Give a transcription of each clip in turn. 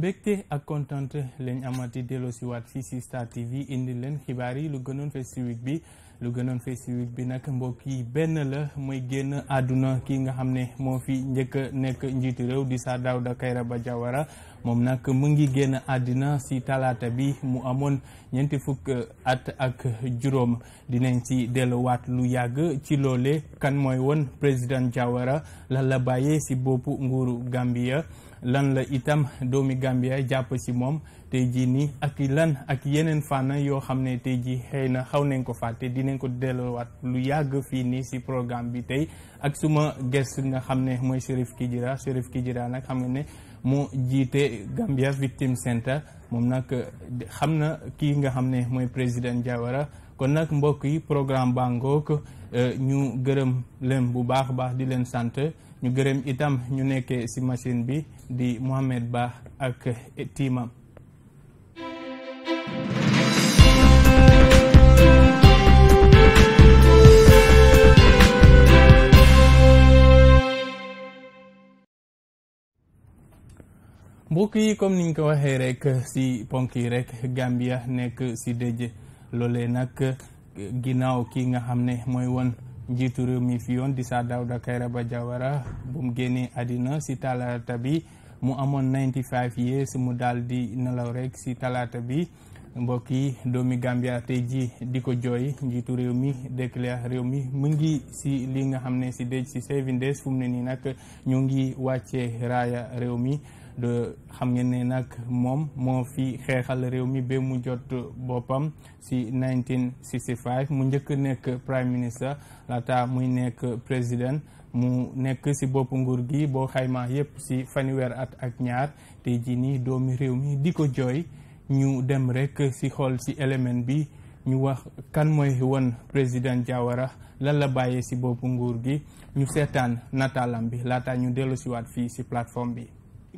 mbégte ak kontante leen amati delloosiwaat fii si Star TV indi leen xibaar yi lu gënoon fees week bi lu gënoon fees si week bi nag mbokk yi benn la mooy génn àdduna ki nga xam ne moo fi njëkk a nekk njiitu réew di Sir Dawda Kairaba Jawara moom nag mu ngi génn àddina si talaata bi mu amoon ñeenti fukk at ak juróom dinañ si delluwaat lu yàgg ci loole kan mooy woon président Jawara la la bàyyee si boppu nguuru Gambia. lan la itam doomi Gambia jàpp ci moom tey jii nii ak lan ak yeneen fànn yoo xam ne tey jii xëy na xaw nañ ko fàtte dinañ ko delluwaat lu yàgg fii nii ci programme bi tey ak suma guest nga xam ne mooy Sheriff Kijera Sheriff Kijera nag xam nga ne moo jiite Gambia Victim Center moom nag xam na kii nga xam ne mooy président Jawara kon nag mbokk yi programme bangook euh, ñu gërëm leen bu baax baax di leen sant ñu gërëm itam ñu nekkee ci machine bi di Mohamed Ba ak tiimam mbokk yi comme niñ ko waxee rekk ci ponk yi rekk Gambia nekk ci dëj loole nag ginnaaw ki nga xam ne mooy woon njiitu réew mi fi yoon di Sir Dawda Kairaba Jawara bu mu génnee àddina si talaata bi mu amoon 95 years mu daal di nelaw rekk ci talaata bi mbokk yi doomi Gambia ji di ko jooy njiitu réew mi déclare réew mi mu ngi si li nga xam ne si déj si seven days fu ne nii nag ñu ngi wàccee raaya réew mi de xam nga ni nag moom moo fi xeexal réew mi ba mu jot boppam si 1965 mu njëkk nekk prime minister laata muy nekk président mu nekk si bopp nguur gi boo xaymaa yépp si fanweer at ak ñaar te ji nii doomi réew mi di ko jooy ñu dem rek si xool ci élément bi ñu wax kan mooy woon président Jawara lan la bàyyee si bopp nguur gi ñu seetaan nataalam bi laata ñu dellu siwaat fii si plateforme bi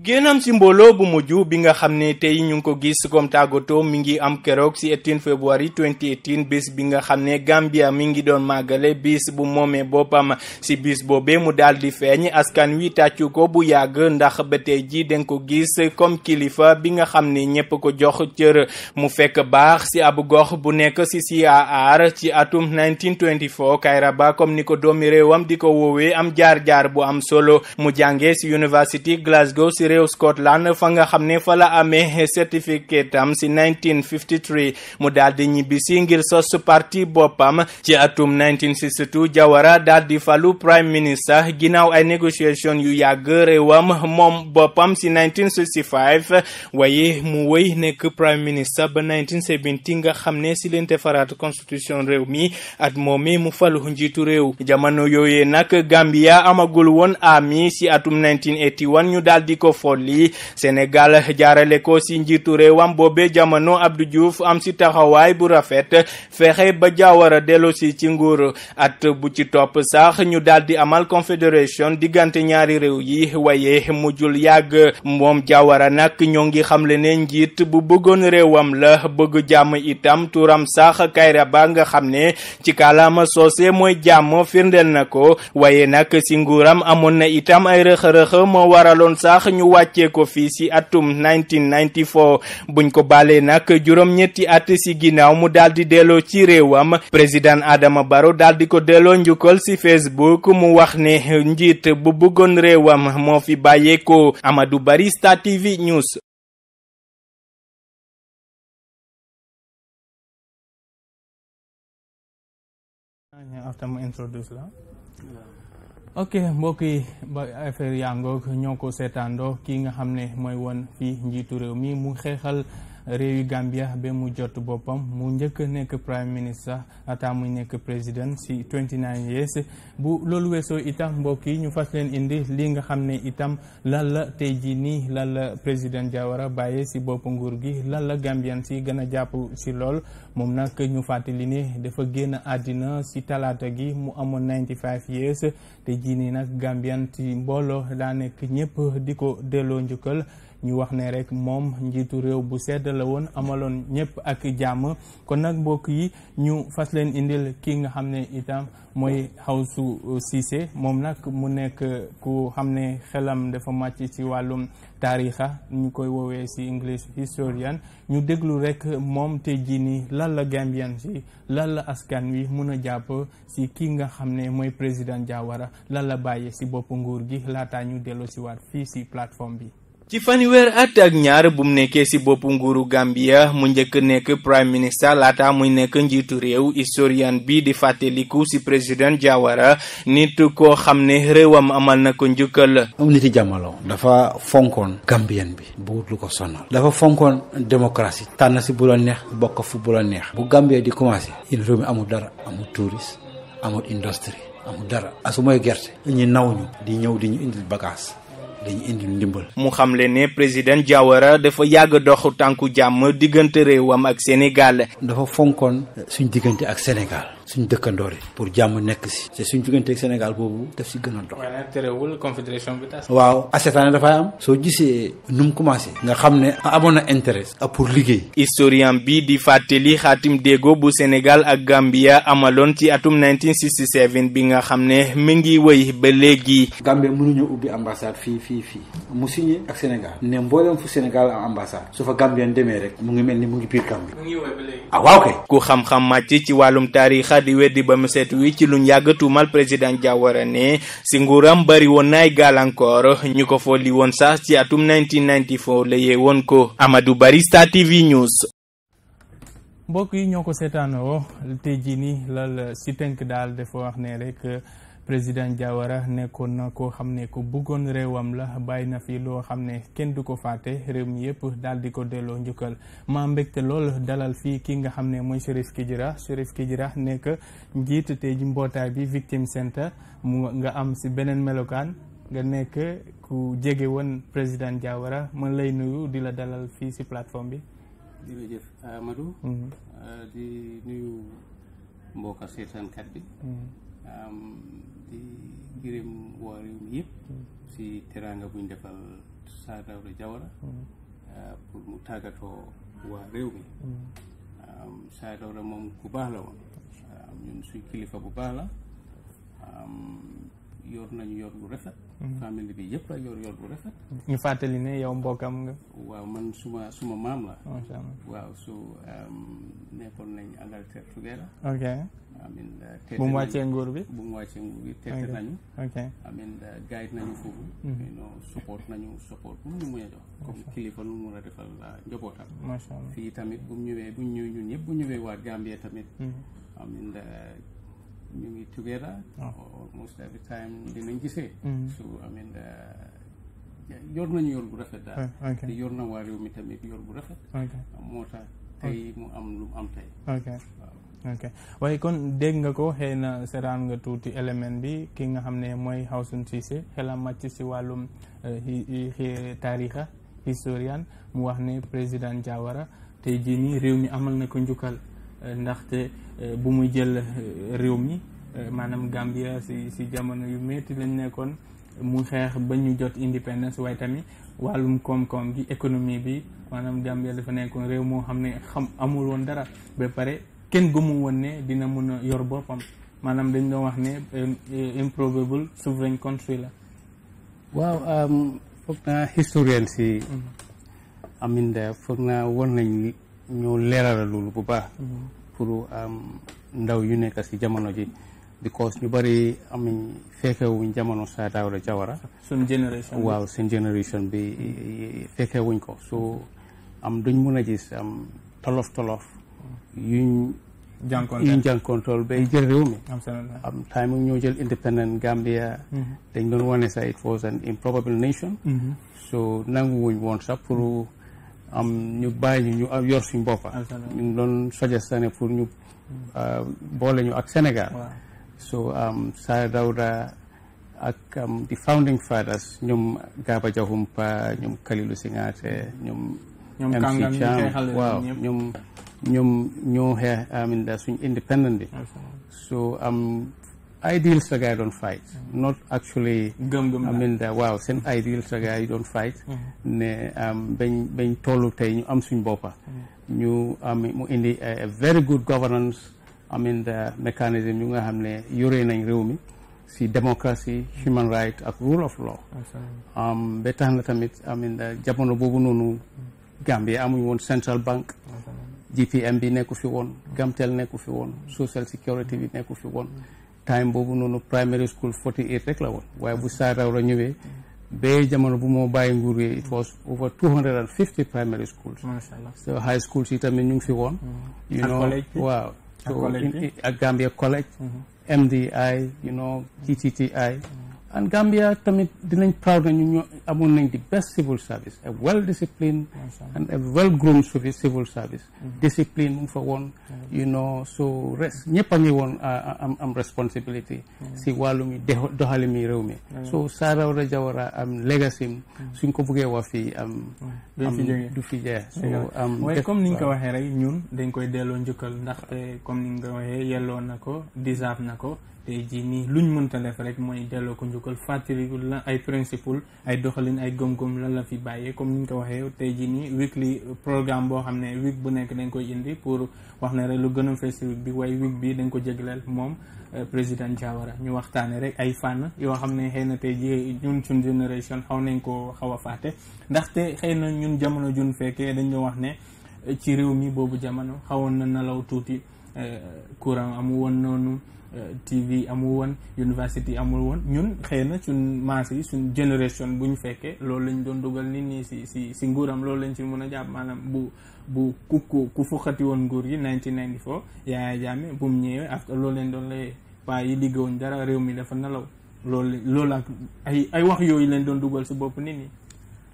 génnam ci mbooloo bu mujj bi nga xam ne tey ñu ngi ko gis comme tàggatoo mi ngi am keroog si 18 février 2018 bis bi nga xam ne Gambia mi ngi doon màggale bis bu moomee boppam si bis boobee mu daal di feeñ askan wi tàccu ko bu yàgg ndax ba tey jii danga ko gis comme kilifa bi nga xam ne ñëpp ko jox cër mu fekk baax si ab gox bu nekk si CAR ci atum 1924 Kairaba comme ni ko doomi réewam di ko woowee am jaar jaar bu am solo mu jàngee si University Glasgow. ci réew Scotland fa nga xam ne fa la amee certificat am ci 1953 mu daal di ñibbisi ngir sos parti boppam ci atum 1962 Jawara daal di falu prime ministre ginnaaw ay négociation yu yàgg réewam moom boppam ci 1965 waaye mu wëy nekk prime ministre ba 1970 nga xam ne ci leen defaraat constitution réew mi at moomee mu falu njiitu réew jamono yooyee nag Gambia amagul woon ami ci atum ñu daal ko fool yi Sénégal jaarale ko si njiitu réewam boobee jamono Abdou Diouf am si taxawaay bu rafet fexe ba Jawara dellusi ci nguur at bu ci topp sax ñu daal di amal confédération diggante ñaari réew yi waaye mujjul yàgg moom Jawara nag ñoo ngi xamle ne njiit bu bëggoon réewam la bëgg jàmm itam turam sax Kayra Ba nga xam ne ci kàllaama soose mooy jàmm firndeel na ko waaye nag si nguuram amoon na itam ay rëx-rëx moo waraloon sax ñu fii ci atum 1994 buñ ko baalee nag juróom-ñetti at si ginnaaw mu daldi delloo ci réewam président Adama Barrow daldi ko delloo njukkal si Facebook mu wax ne njiit bu bëggoon réewam moo fi bàyyeekoo Amadou Bari Star TV News. ok mbokk yi ba affaire yaa ngoog ñoo ko seetaandoo kii nga xam ne mooy woon fii njiitu réew mi mu xeexal réewi Gambia be mu jot boppam mu njëkk nekk prime ministre ata muy nekk président si 29 years bu loolu weesoo itam mbokk yi ñu fas leen indi li nga xam ne itam lan la tey jii nii lan la président Jawara bàyyee si bopp nguur gi lan la Gambian si gën a jàpp si lool moom nag ñu fàttali ne dafa génn àddina si talaata gi mu amoon 95 years te jii nii nag Gambian si mbooloo daa nekk ñëpp di ko delloo njukkal ñu wax ne rek moom njiitu réew bu sedd la woon amaloon ñëpp ak jàmm kon nag mbokk yi ñu fas leen indil ki nga xam ne itam mooy xaw su Cissé moom nag mu nekk ku xam ne xelam dafa màcc ci wàllum taarixa ñu koy woowee ci English historian ñu déglu rek moom te ji ni lan la Gambien si lan la askan wi mun a jàpp ci ki nga xam ne mooy président Jawara lan la bàyyee ci boppu nguur gi laata ñu dellu ci waat fii ci plateforme bi ci fanweer at ak ñaar bu mu nekkee ci boppu nguuru Gambia mu njëkk nekk prime minister laata muy nekk njiitu réew historien bi di fàttaliku ci président Jawara nit koo xam ne réewam amal na ko njukkal. am nit jamono dafa fonkoon. Gambien bi buut lu ko sonal. dafa fonkoon démocratie. tànn si bu la neex bokk fu bu la neex. bu Gambie di commencé. yéen réew mi amul dara amul touriste amul industrie amul dara. asumay gerte. ñi naw ñu. di ñëw di ñu indil bagage. dañu indi ndimbal. mu xam xamle ne président a dafa yàgg doxu tànku jàmm diggante réewam ak Sénégal. dafa fonkoon suñ diggante ak Sénégal. suñ dëkkandoore pour jàmm nekk si te suñ jugganteeg Sénégal boobu daf si gën a dox waaw acétaane dafay am soo gisee nu mu commencé nga xam ne amoon na intérêt ah, pour liggéey historien bi di fàtte fàttali xaatim déggoo bu Sénégal ak Gambia amaloon ci atum 1967 bi nga xam ne mi ngi wëy ba léegi Gambie mënuñu ubbi ambassade fii fii fii mu signé ak Sénégal ne mboolem fu Sénégal am ambassade su fa Gambien demee rek mu ngi mel ni mu ngi biir Gambie ah waaw kay ku Xadi weddi ba mu seet wi ci luñ yàgg tuumal président Jawara ne si nguuram bari woon naay gàllankoor ñu ko folli woon sax ci atum 1994 woon ko Amadou Bari Star TV News. mbokk yi ñoo ko seetaanoo tey jii lal si tënk daal dafa wax ne rek. président Diawara nekkoon na ko xam ne ko bëggoon réewam la bàyyi na fi loo xam ne kenn du ko fàtte réew mi yëpp dal di ko delloo njukkal maa te lool dalal fii ki nga xam ne mooy Chérif Kijira Chérif Kijira nekk njiit tey ji mbootaay bi Victim Center mu nga am si beneen melokaan nga nekk ku jege woon président Diawara man lay nuyu di la dalal fii si plateforme bi. jërëjëf Amadou. Mm-hmm. Euh, bi. Mm-hmm. di ngërëm waa réew mi yëpp si mm. teraanga buñ defal Sir Jawara mm. euh, pour mu tàggatoo waa réew mi mm. um, Sir moom ku baax la woon um, ñun suñ kilifa bu baax la um, yor nañu yor bu rafet. Mhm. famille bi yëpp a yor yor bu rafet. ñu fàttali ne yow mbokkam nga. waaw man suma suma maam la. macha allah waaw su um, nekkoon nañu Angleterre together. ok amiin uh, bu mu wàccee nguur bi. bu mu teete nañu. ok uh, guide nañu foofu. Mhm. support nañu support bu ñu mën a comme kilifa nu mu mën a defal uh, njabootam. macha allah fii tamit bu ñëwee bu ñu ñëwee ñun ñëpp bu ñëwee tamit. Mhm. ñu ngi together oh. mm-hmm. uh, yor nañu yor bu rafet daal ah, na waa réew bu rafet moo tax tey mu am lu mu am tey ok waaye kon dégg nga ko xëy na seraan nga tuuti élément bi ki nga xam ne mooy Hawsoon Ceesay xelam màcc si wàllum eh, taarixa historien mu wax ne président Jawara tey jii nii réew mi amal na ko njukkal ndaxte euh, bu mu jël euh, réew mi euh, maanaam Gambia si si jamono yu metti lañ nekkoon mu xeex ba ñu jot indépendance waaye tamit wàllum koom-koom gi économie bi maanaam Gambia dafa nekkoon réew moo xam ne xam amul woon dara ba pare kenn gëmu woon ne dina mun a yor boppam maanaam dañ doon wax ne improbable sovereign country la waaw foog naa historien si mm-hmm. amin foog naa woon nañu ñu leerala loolu bu baax mm-hmm. pour am ndaw yu nekk si jamono ji because ñu bëri amuñ fekkewuñ jamono Sir Dawda Jawara suñ génération waaw seen génération bi fekkewuñ ko so am duñ mun a gis am tolof tolof yuñ yuñ jànkontol bay jël réew mi am time ñoo jël independent Gambia mm-hmm. dañ doon wane sa it was an improbable nation mm-hmm. so nangu wuñ woon sax am ñu bàyyi ñu ñu yor suñ boppa ñu doon suggesté ne pour ñu euh, boole ñu ak Sénégal so um, Sir Dawda ak di um, founding fathers ñoom Gaba Jahumpa ñoom Kalilu si ñoom MC Cham waaw ñoom ñoom ñoo xeex amin da suñ independent bi ideals la gars yi doon fight not actually waaw seen ideals la gars yi doon fight mm-hmm. ne bañ bañ tollu tey ñu am suñ boppa mm-hmm. ñu am mu indi a very good governance I mean mechanism yu nga xam ne yore nañ réew mi si démocratie human right ak rule of law ba tax na tamit jamono boobu noonu mm-hmm. Gambia amuñ woon central bank GPM bi nekku fi woon Gamtel nekku fi woon social security bi nekku fi woon time boobu noonu primary school forty eight rek la woon waaye bu Saaraw la ñëwee ba jamono bu moo bàyyi nguur gi it was over two hundred and fifty primary schools so high schools yi tamit ñu fi woon mm-hmm. mm-hmm. you know waaw Gambia College MDI you know GTTI Gambia tamit dinañ proud na ñu ñoo amoon nañ di best civil service a well disciplined and a well groomed civil service mm-hmm. discipline mu ngi fa woon mm-hmm. you know so res ñëpp a ngi woon am am responsibility mm-hmm. si wàllum doxali mi réew mi so Sarawara Jawara am legacy suñ ko buggee wax fii am du fi jeex am waaye comme ni nga ko waxee rek ñun dañ koy delloo njukkal ndaxte eh, comme ni nga ko waxee yelloo na ko deserve na ko te jii nii luñ mënta def rek mooy delloo ko njukkal fàttaliku la ay principal ay dox joxe leen ay gëm lan la fi bàyyee comme ni ñu ko waxee tey jii nii weekly programme boo xam ne week bu nekk dañ koy indi pour wax ne rek lu gën a bi waaye week bi dañ ko jégleel moom euh, président Jawara ñu waxtaane rek ay fànn yoo xam ne xëy na tey jii ñun suñ génération xaw nañ koo xaw a fàtte ndaxte xëy na ñun jamono jun fekkee dañ doon wax ne ci réew mi boobu jamono xawoon na nelaw tuuti euh, courant amu woon noonu TV amul woon university amul woon ñun xëy na suñ maas yi suñ génération bu ñu fekkee loolu lañ doon dugal nit ñi si si si nguuram loolu lañ si mën a jàpp maanaam bu bu ku ku ku woon nguur yi gi 1994 Yaya Jammeh bu mu ñëwee ak loolu lañ doon lay waaye yi liggéeyuñ dara réew mi dafa nelaw loolu loolu ak ay ay wax yooyu lañ doon dugal si bopp nit ñi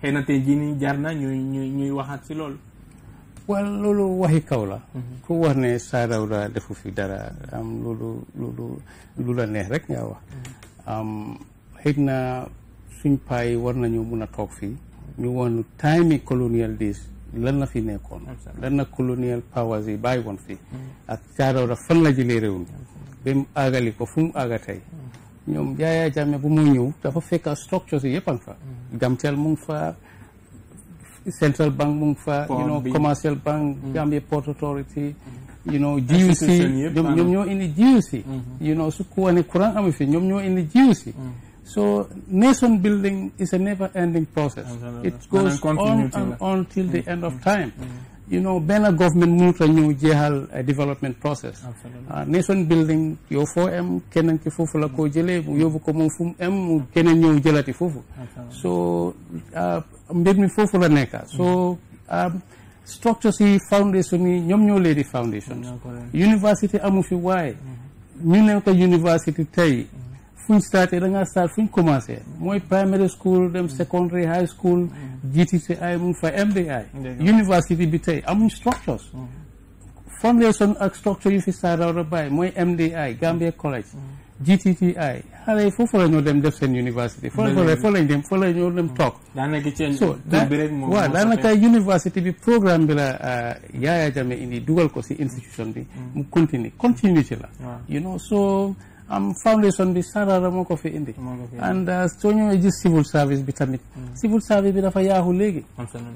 xëy na tey jii nii jar na ñuy ñuy ñuy waxaat si loolu. waaw loolu waxi kaw la mhm. ku wax ne Saadaawda defu fi dara am loolu lu la neex rek nga wax mhm. am na suñ paay war nañu mun a toog fii ñu won time colonial days lan la fi nekkoon lan la colonial powers yi bàyyi woon fi mhm. ak la fan la jëlee réew mi ba ko fu mu àgga ñoom Yahya Jammeh bu muy ñëw dafa fekk structures yi yëpp fa Gamtel mu fa central bank mu ngi fa you know commercial bank mm-hmm. Gambia Port Authority mm-hmm. you know GUC ñoom ñoo indi GUC mm-hmm. you know su ku wane courant amu fi ñoom ñoo indi GUC so nation building is a never ending process it goes on till the end of time you know benn government mënut a ñëw jeexal eh, development process nation ah, building yow foo em keneen ki foofu la koo jëlee mu yóbbu ko moom fu mu em mu keneen ñëw jëlati foofu so ah, mbir mi foofu la nekka so ah, structures yi foundation yi ñoom ñoo lee di foundations university amu fi waaye mm-hmm. ñu nekk university tey mm-hmm. fu ñu starté da ngaa start fu ñu commencé mooy primary school dem secondary high school GTCI mu ngi fa MDI university bi tey amuñ structures foundation ak structure yu fi start war a bàyyi mooy MDI Gambia College GTTI xale yi foofu la dem def seen université foofu la foofu lañ dem foofu la ñoo dem toog so waaw daanaka université bi programme bi la uh, Yaya Jammeh indi dugal ko si institution bi mm. mu continue continuité la am foundation bi sarara moo ko fi indi and uh, soo ñëwee gis civil service bi tamit mm. civil service bi dafa yaaxu léegi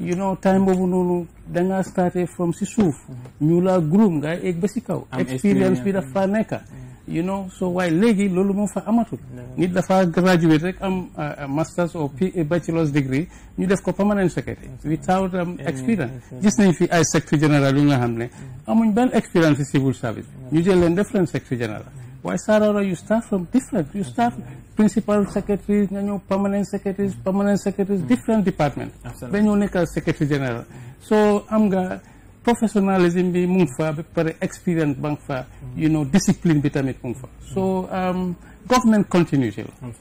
you know time boobu noonu dangaa starté from si suuf mm-hmm. ñu laa groom nga egg ba si kaw experience bi dafa mm-hmm. nekka mm-hmm. you know so waaye léegi loolu moo fa amatul nit dafa graduate rek am uh, uh, masters or bachelor's degree ñu def ko permanent secretary without um, experience gis nañ fi ay secretary général yu nga xam ne amuñ benn experience ci civil service ñu jël leen def leen waaye Sarara you start from different you start principal secretary nga ñëw permanent secretary permanent secretary mm. different department ba ñëw nekk secretary general so am nga professionalism bi mu ngi fa ba pare experience ba fa mm. discipline bi tamit mu ngi fa so mm. um, government continuity la am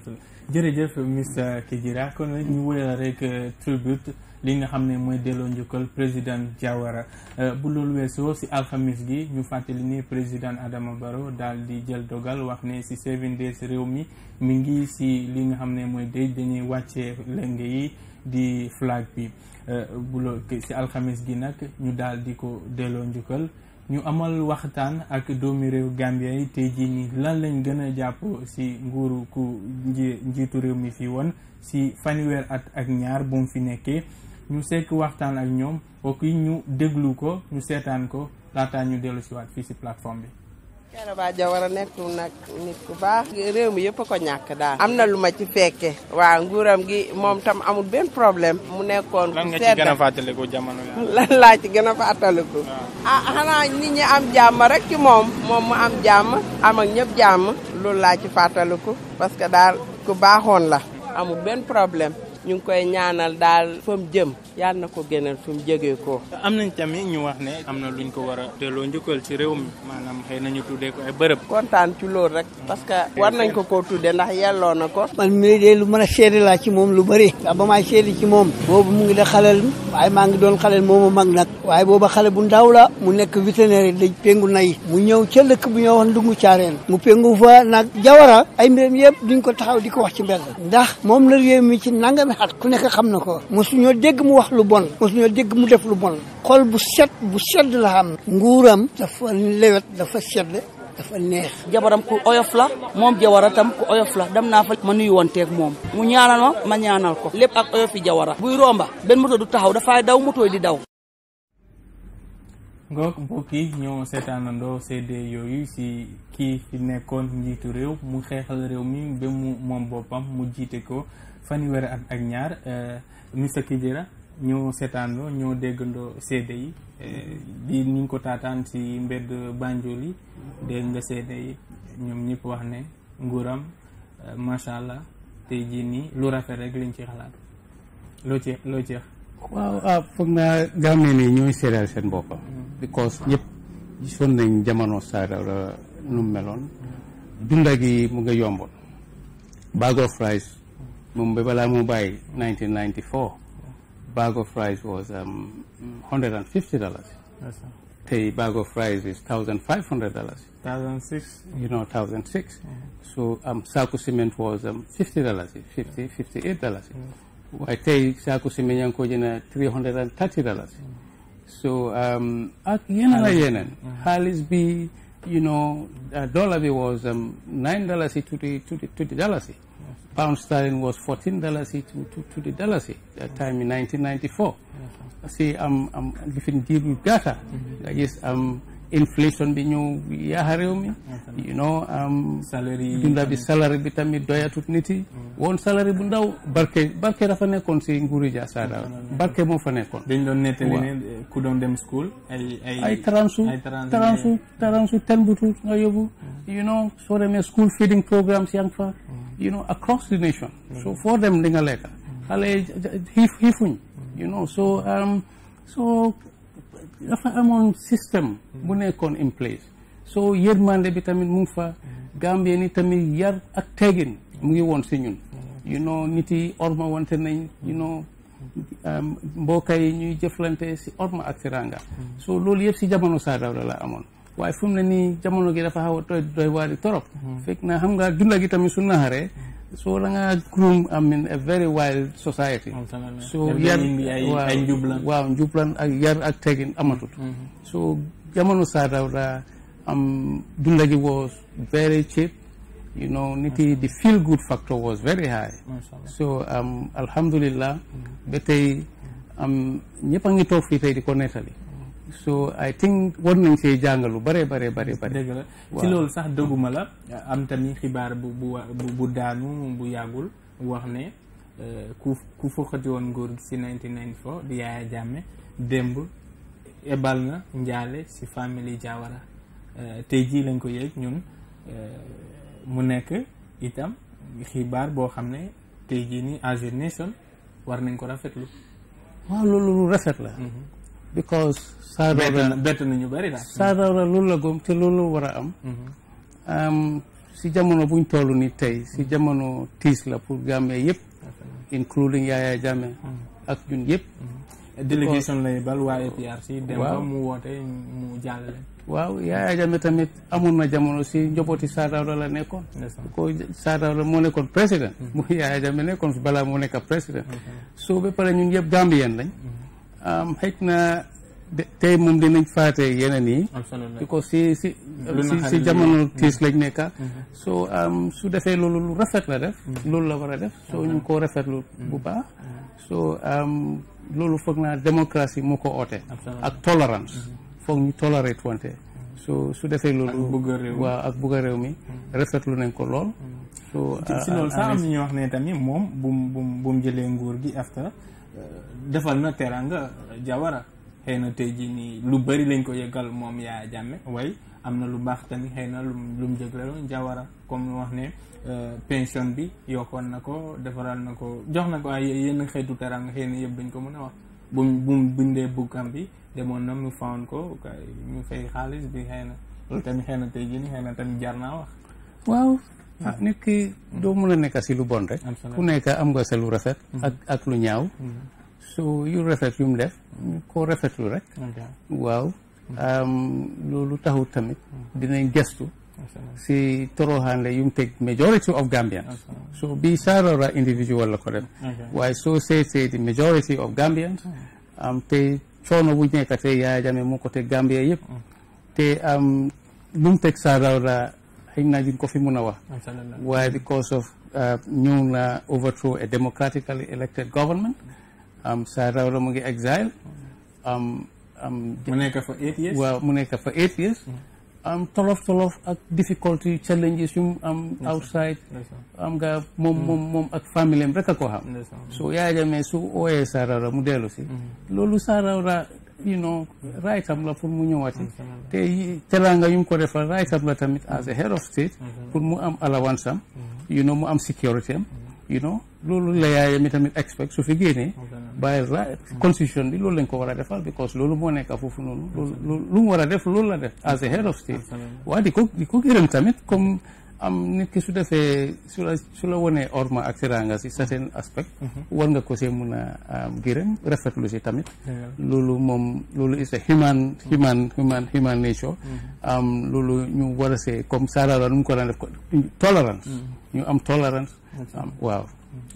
solo jërëjëf Mr. Kijera kon ñu wëyal rek uh, tribute li nga xam ne mooy delloo njukkal président Diawara euh, bu loolu weesoo si alxamis gi ñu fàttali ni président Adama Barrow daal di jël dogal wax ne si seven days réew mi mu ngi si li nga xam ne mooy day dañuy wàccee lëng yi di flag bi euh, bu loo si alxamis gi nag ñu daal di ko delloo njukkal ñu amal waxtaan ak doomi réew Gambia yi tey jii nii lan lañ gën a jàpp si nguuru ku njiitu réew mi fi woon si fanweer at ak ñaar bu mu fi nekkee ñu sekk waxtaan ak ñoom ok ñu déglu ko ñu seetaan ko laataa ñu dellu si waat fii si plateforme bi. Kéréba Jawara nekkul nag nit ku baax réew mi yëpp a ko ñàkk daal. am na lu ma ci fekke waa nguuram gi moom tam amul benn problème. mu nekkoon lan nga ci gën a jamono laa ci gën a fàttaliku. ah xanaa nit ñi am jàmm rek ci moom. mu am jàmm am ñëpp jàmm. loolu laa ci ko parce que daal ku baaxoon la. amul benn problème. ñu ngi koy ñaanal daal fa jëm. yàlla na ko gënal fi mu ko. am nañ tamit ñu wax ne am na luñ ko war a delloo njukkal ci réew mi maanaam xëy nañu tuddee ko ay bërëb. kontaan ci loolu rek parce que war nañ ko ko tuddee ndax yelloo na ko. man mii de lu mën a seede laa ci moom lu bëri. ndax ba maa seede ci moom. boobu mu ngi da xaleel waaye maa ngi doon moom moomu mag nag. waaye booba xale bu ndaw la mu nekk vétérinaire da péngu nay mu ñëw ca dëkk bu ñoo wax ndungu caareen mu péngu fa nag jawara ay mbiram yëpp duñ ko taxaw di ko wax ci mbedd ndax wax lu bon mosuñoo dégg mu def lu bon xol bu set bu sedd la am nguuram dafa lewet dafa sedd dafa neex jabaram ku oyof la moom jawara tam ku oyof la dem naa fa ma nuyu wanteeg moom mu ñaanal ma ma ñaanal ko lépp ak oyof jawara buy romba benn moto du taxaw dafay daw moto di daw ngook mbokk yi ñoo seetaanandoo CD yooyu si kii fi nekkoon njiitu réew mu xeexal réew mi ba mu moom boppam mu jiite ko fanweeri at ak ñaar euh, Mr Kijera ñoo seetaanoo ñoo déggandoo seede yi bii eh, ñu ko taataan si mbedd Banjul yi dégg nga seede yi ñoom ñëpp wax ne nguuram eh, macha allah tey jii nii lu rafet rek lañ ci xalaat loo ci loo ci wax waaw ah foog naa gam ne nii ñooy seedal seen boppam mm. because ñëpp gisoon nañ jamono Saadawra nu meloon dunda gi mu nga yomboon bag of mm. moom ba balaa mu bàyyi bag of rice was um, $150. Yes, sir. A bag of rice is $1,500. 1006 You know, 1006 yeah. So um, saku cement was um, $50, 50 $58. Yeah. Waitei saku cement yang ko jina $330. Yeah. So, um, ak yena la yenen. Halis you know dollar bi was um, nine dalasi to the to the to the dalasi pound sterling was fourteen dalasi to to to the dalasi that time in 1994 si am am different deal yu gàtta I guess am um, inflation bi ñu yaaxa réew mi you um, bi salari bi tamit doyatut nit yi mm. bu ndaw barke barke dafa nekkoon si nguuri ja saada barke moo fa nekkoon dañ doon nettali ne eh, ku doon dem school ay ay taransu taransu taransu ten butu nga yóbbu mm. you know soo demee school feeding programmes yaa ngi fa mm. you so foo dem di nga lekka xale xiif xiifuñ you so um, dafa amoon système bu hmm. nekkoon in place soo yërmande bi tamit mu ngi fa hmm. Gambien ni tamit yar ak teggin mu ngi woon si ñun hmm. you know nit yi orma wante nañ you know um, mbooka yi ñuy jëflante si orma ak teranga so loolu yëpp si jamono Sir Dawda la amoon waaye fu mu ne nii jamono gi dafa xaw a doy doy waar torop fekk na xam ngaa dunda gi tamit su naxaree so danga groom am in a very wild society so yar waaw njublan ak yar ak tegin amatut mhm. so jamono Saadawda am dunda gi was very cheap you know nit yi the feel good factor was very high so um, alhamdulillah mhm. ba tey am ngi toog fii tey di ko so I think war nañ see jàng lu bare bare bare bare la ci loolu sax dëgguma la am tamit xibaar bu bu bu daanu bu yàggul wax ne euh, ku ku fokkati woon nguur si 1994 di Yaya Jammeh démb ebal na njaale ci famille Diawara euh, tey jii lañ ko yëg ñun euh, mu nekk itam xibaar boo xam ne tey jii nii Azure Nation war nañ ko rafetlu waaw loolu lu rafet la mhm. because Sardaawda bett na ñu bëri daal Sardaawda la gëm te loolu war a mhm. am si jamono buñ toll ni tey si mhm. jamono tiis la pour Gambia yëpp including Yaya Jammeh mhm. ak ñun yëpp délégation waa APRC dem ba mu woote mu jàll waaw Yaya Jammeh tamit amoon na jamono si njobooti Sardaawda la nekkoon ko Sardaawda moo nekkoon président mu Yaya Jammeh nekkoon balaa moo nekk président soo ba pare ñun yëpp Gambien lañ xëj na tey moom dinañ faate yeneen yi di ko si si si jamono tiis lañ nekka mm-hmm. soo su defee loolu lu rafet la def mm-hmm. loolu la war a def soo mm-hmm. ñu ko rafetlu bu baax soo loolu foog naa démocratie moo ko oote ak tolérance foog ñu tolérate wante so su defee loolu waaw ak bugg réew mi rafetlu nañ ko lool so si am na ñoo wax ne tamit moom bu mu jëlee nguur gi after defal na teranga Jawara xëy na tey jii nii lu bari lañ ko yëgal moom Yaya Jammeh way am na lu baax tamit xëy na lu lu mu jëgleloon Jawara comme wax ne euh, pension bi yokkoon na ko defaral na ko jox na ko ay yenn xeetu terang xëy na yëpp dañ ko mën a wax bu bu mu bindee bukkam bi demoon na mu fawoon ko kay mu xaalis bi xëy na tamit xëy na tey jii nii xëy tamit jar naa wax waaw ah nit ki doo mën a nekk si lu bon rek ku nekk am nga sa lu rafet ak ak lu ñaaw mm-hmm. so yu rafet yu mu def koo rafetlu rek waaw loolu taxul tamit mm-hmm. dinañ gestu si toroxaande yu mu teg majority of Gambians so bii saarara individual la ko def waaye soo seetee di majority of Gambians mm-hmm. te coono bu nekk te Yaya Jammeh moo ko teg Gambia yëpp te am lu mu xëy naa duñ ko fi mun a wax waaye because of ñëw uh, na overthrow a democratically elected government um, Saa Dawda mu ngi exile um, um, mu nekk fa eight mu nekk fa eight years mm -hmm. Um, am tolof tolof ak difficulty challenges yu am outside am nga moom moom mm. moom ak famille am rek a ko xam so Yaya Jammeh su ooyee Saa Dawda mu dellu si mm. loolu Saa you know right am la pour mu ñëwaati te teraanga yu mu ko defal right am la tamit as a head of state mhm. pour mu am allowance am mhm. you know mu am sécurité am you know loolu la yaayam tamit expect su fi génnee by right mhm. constitution bi loolu lañ ko war a defal because loolu moo nekk foofu noonu lu mu war a def loolu la def as a head of state waaw di ko gërëm tamit comme am nit ki su defee su la su la wonee orma ak teraanga si certain aspect mhm. war nga ko see mun a gërëm rafetlu si tamit loolu moom loolu is a human mhm. human human human nature mhm. am loolu ñu war a see comme sarara nu mu ko daan def ko tolérance ñu am tolérance am waaw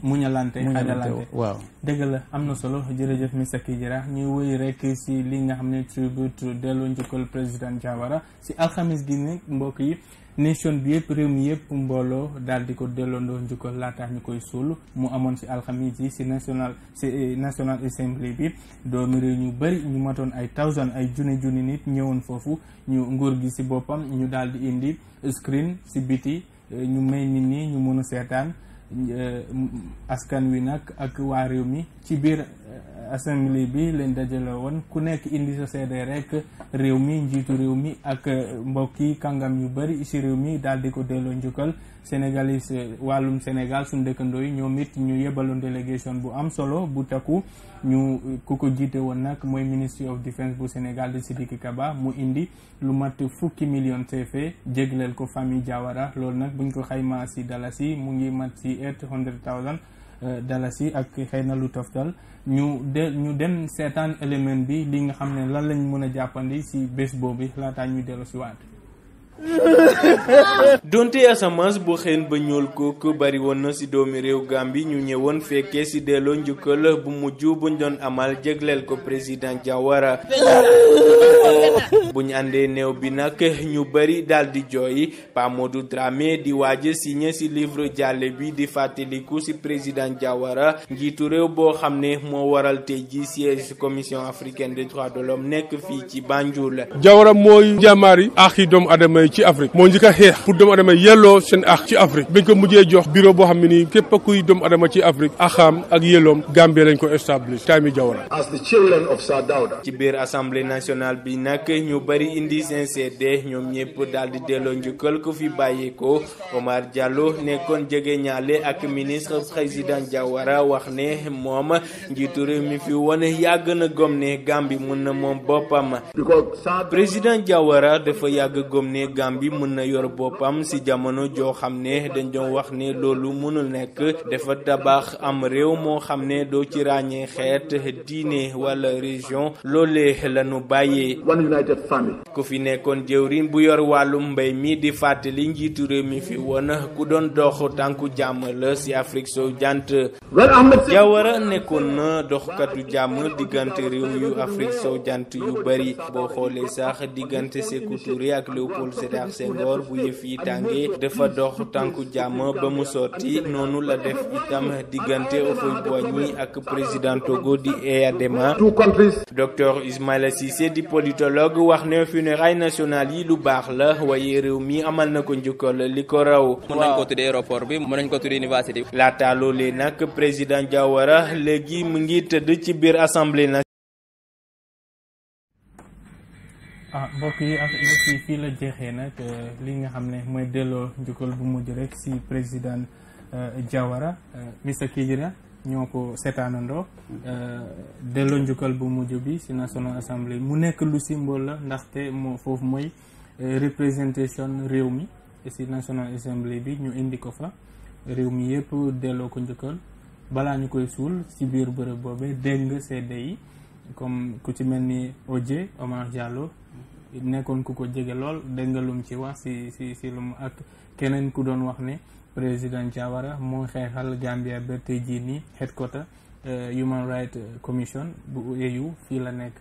muñalante adalante waaw dëgg la am na solo jërëjëf Mr Kijera ñuy wéy rek si li nga xam ne tribute dellu njukkal président Jawara si alxamis gi nag mbokk yi nation bi yëpp réew mi yëpp mbooloo daal di ko delloondoo njukkal laataa ñu koy suul mu amoon ci alxamis yi ci national ci eh, national assembly bi doomi réew ñu bëri ñu matoon ay thousand ay junni junni nit ñëwoon foofu ñu nguur gi ci boppam ñu daal di indi screen ci biti eh, ñu may nit ñi ñu mën a seetaan Euh, askan wi nag ak waa réew mi ci biir euh, assemblée bi leen dajale woon ku nekk indi sa seede rek réew mi njiitu réew mi ak euh, mbokki kàngam yu bari ci réew mi daal di ko delloo njukkal sénégalais wàllum Sénégal suñ dëkkandoo yi ñoom it ñu yebaloon délégation bu am solo bu takku ñu ku ko jiite woon nag mooy Ministry of Defence bu Sénégal di Sidiki Kaba mu indi lu mat fukki million CFA e, jégleel ko famille Jawara loolu nag buñ ko xaymaa ci dalasi mu eight hundred thousand euh, dalasi ak xëy na lu toftal ñu de ñu dem seetaan élément bi li nga xam ne lan lañ mën a jàppandi si bés boobu laataa ñuy dellu si waat donte asamaan bu xeen ba ñuul kooku bari woon na ci doomi réew Gambie ñu ñëwoon fekkee ci delloo njukkal bu mujj buñ doon amal jégleel ko président Jawara buñ àndee néew bi nag ñu bari daal di jooy Pa Modou Dramé di waaja signé ci livre jàlle bi di fàttaliku ci président Jawara njiitu réew boo xam ne moo waral te ji siège commission africaine des de l'homme nekk fii ci Banjul Jawara mooy jàmmaari axi doomu adama yi ci Afrique moo njëkk a xeex pour doomu adama yelloo seen ax ci Afrique bañ ko mujjee jox bureau boo xam ne nii képp kuy doomu adama ci Afrique axaam ak yelloom Gambie lañ ko establish Tami Jawara ci biir assemblée nationale bi nag ñu bari indi CCD ñoom ñëpp daal di delloo njukkal ku fi bàyyeekoo Omar Diallo nekkoon jege ñaale ak ministre président Jawara wax ne moom njiitu réew mi fi woon yàgg na gom ne Gambie mun na moom boppam ma Jawara Gambie mën na yor boppam ci jamono joo xam ne dañ doon wax ne loolu mënul nekk dafa tabax am réew moo xam ne doo ci ràññee xeet diine wala région loolee la ñu bàyyee. One United Family. ku fi nekkoon jëwriñ bu yor wàllum mbay mi di fàttali njiitu réew mi fi woon ku doon dox tànku jàmm la ci Afrique soo jant. Jawara nekkoon na doxkatu jàmm diggante réew yu Afrique soo jant yu bari boo xoolee sax diggante Sékou Touré ak Léopold Sédar Senghor bu yëf yi tàngee dafa dox tànku jàmm ba mu sotti noonu la def itam diggante Houphouët-Boigny ak président Togo di Eyadema docteur Ismaïla Cissé di politologue wax ne funérailles nationales yi lu baax la waaye réew mi amal na ko njukkal li ko raw. mën nañ bi mën nañ ko tuddee université bi. laata loolee nag président Diawara léegi mu ngi tëdd ci biir assemblée nationale. Ah, mbokk yi ak mbokk yi fii la jeexee nag euh, li nga xam ne mooy delloo njukkal bu mujj rek si président euh, Jawara euh, Mr Kijera ñoo ko seetaanandoo delloo njukkal bu mujj bi si National Assembly mu nekk lu symbole la ndaxte moo foofu mooy représentation réew mi si National Assembly bi ñu indi ko fa réew mi yëpp delloo ko njukkal balaa ñu koy suul si biir bërëb boobee dégg nga yi comme ku ci mel ni Oje Omar Diallo nekkoon ku ko jege lool dégg nga lum ci wax si si si lum ak keneen ku doon wax ne président Jawara moo xeexal Gambia ba tey jii nii headquarter euh, Human Rights Commission bu AU fii la nekk.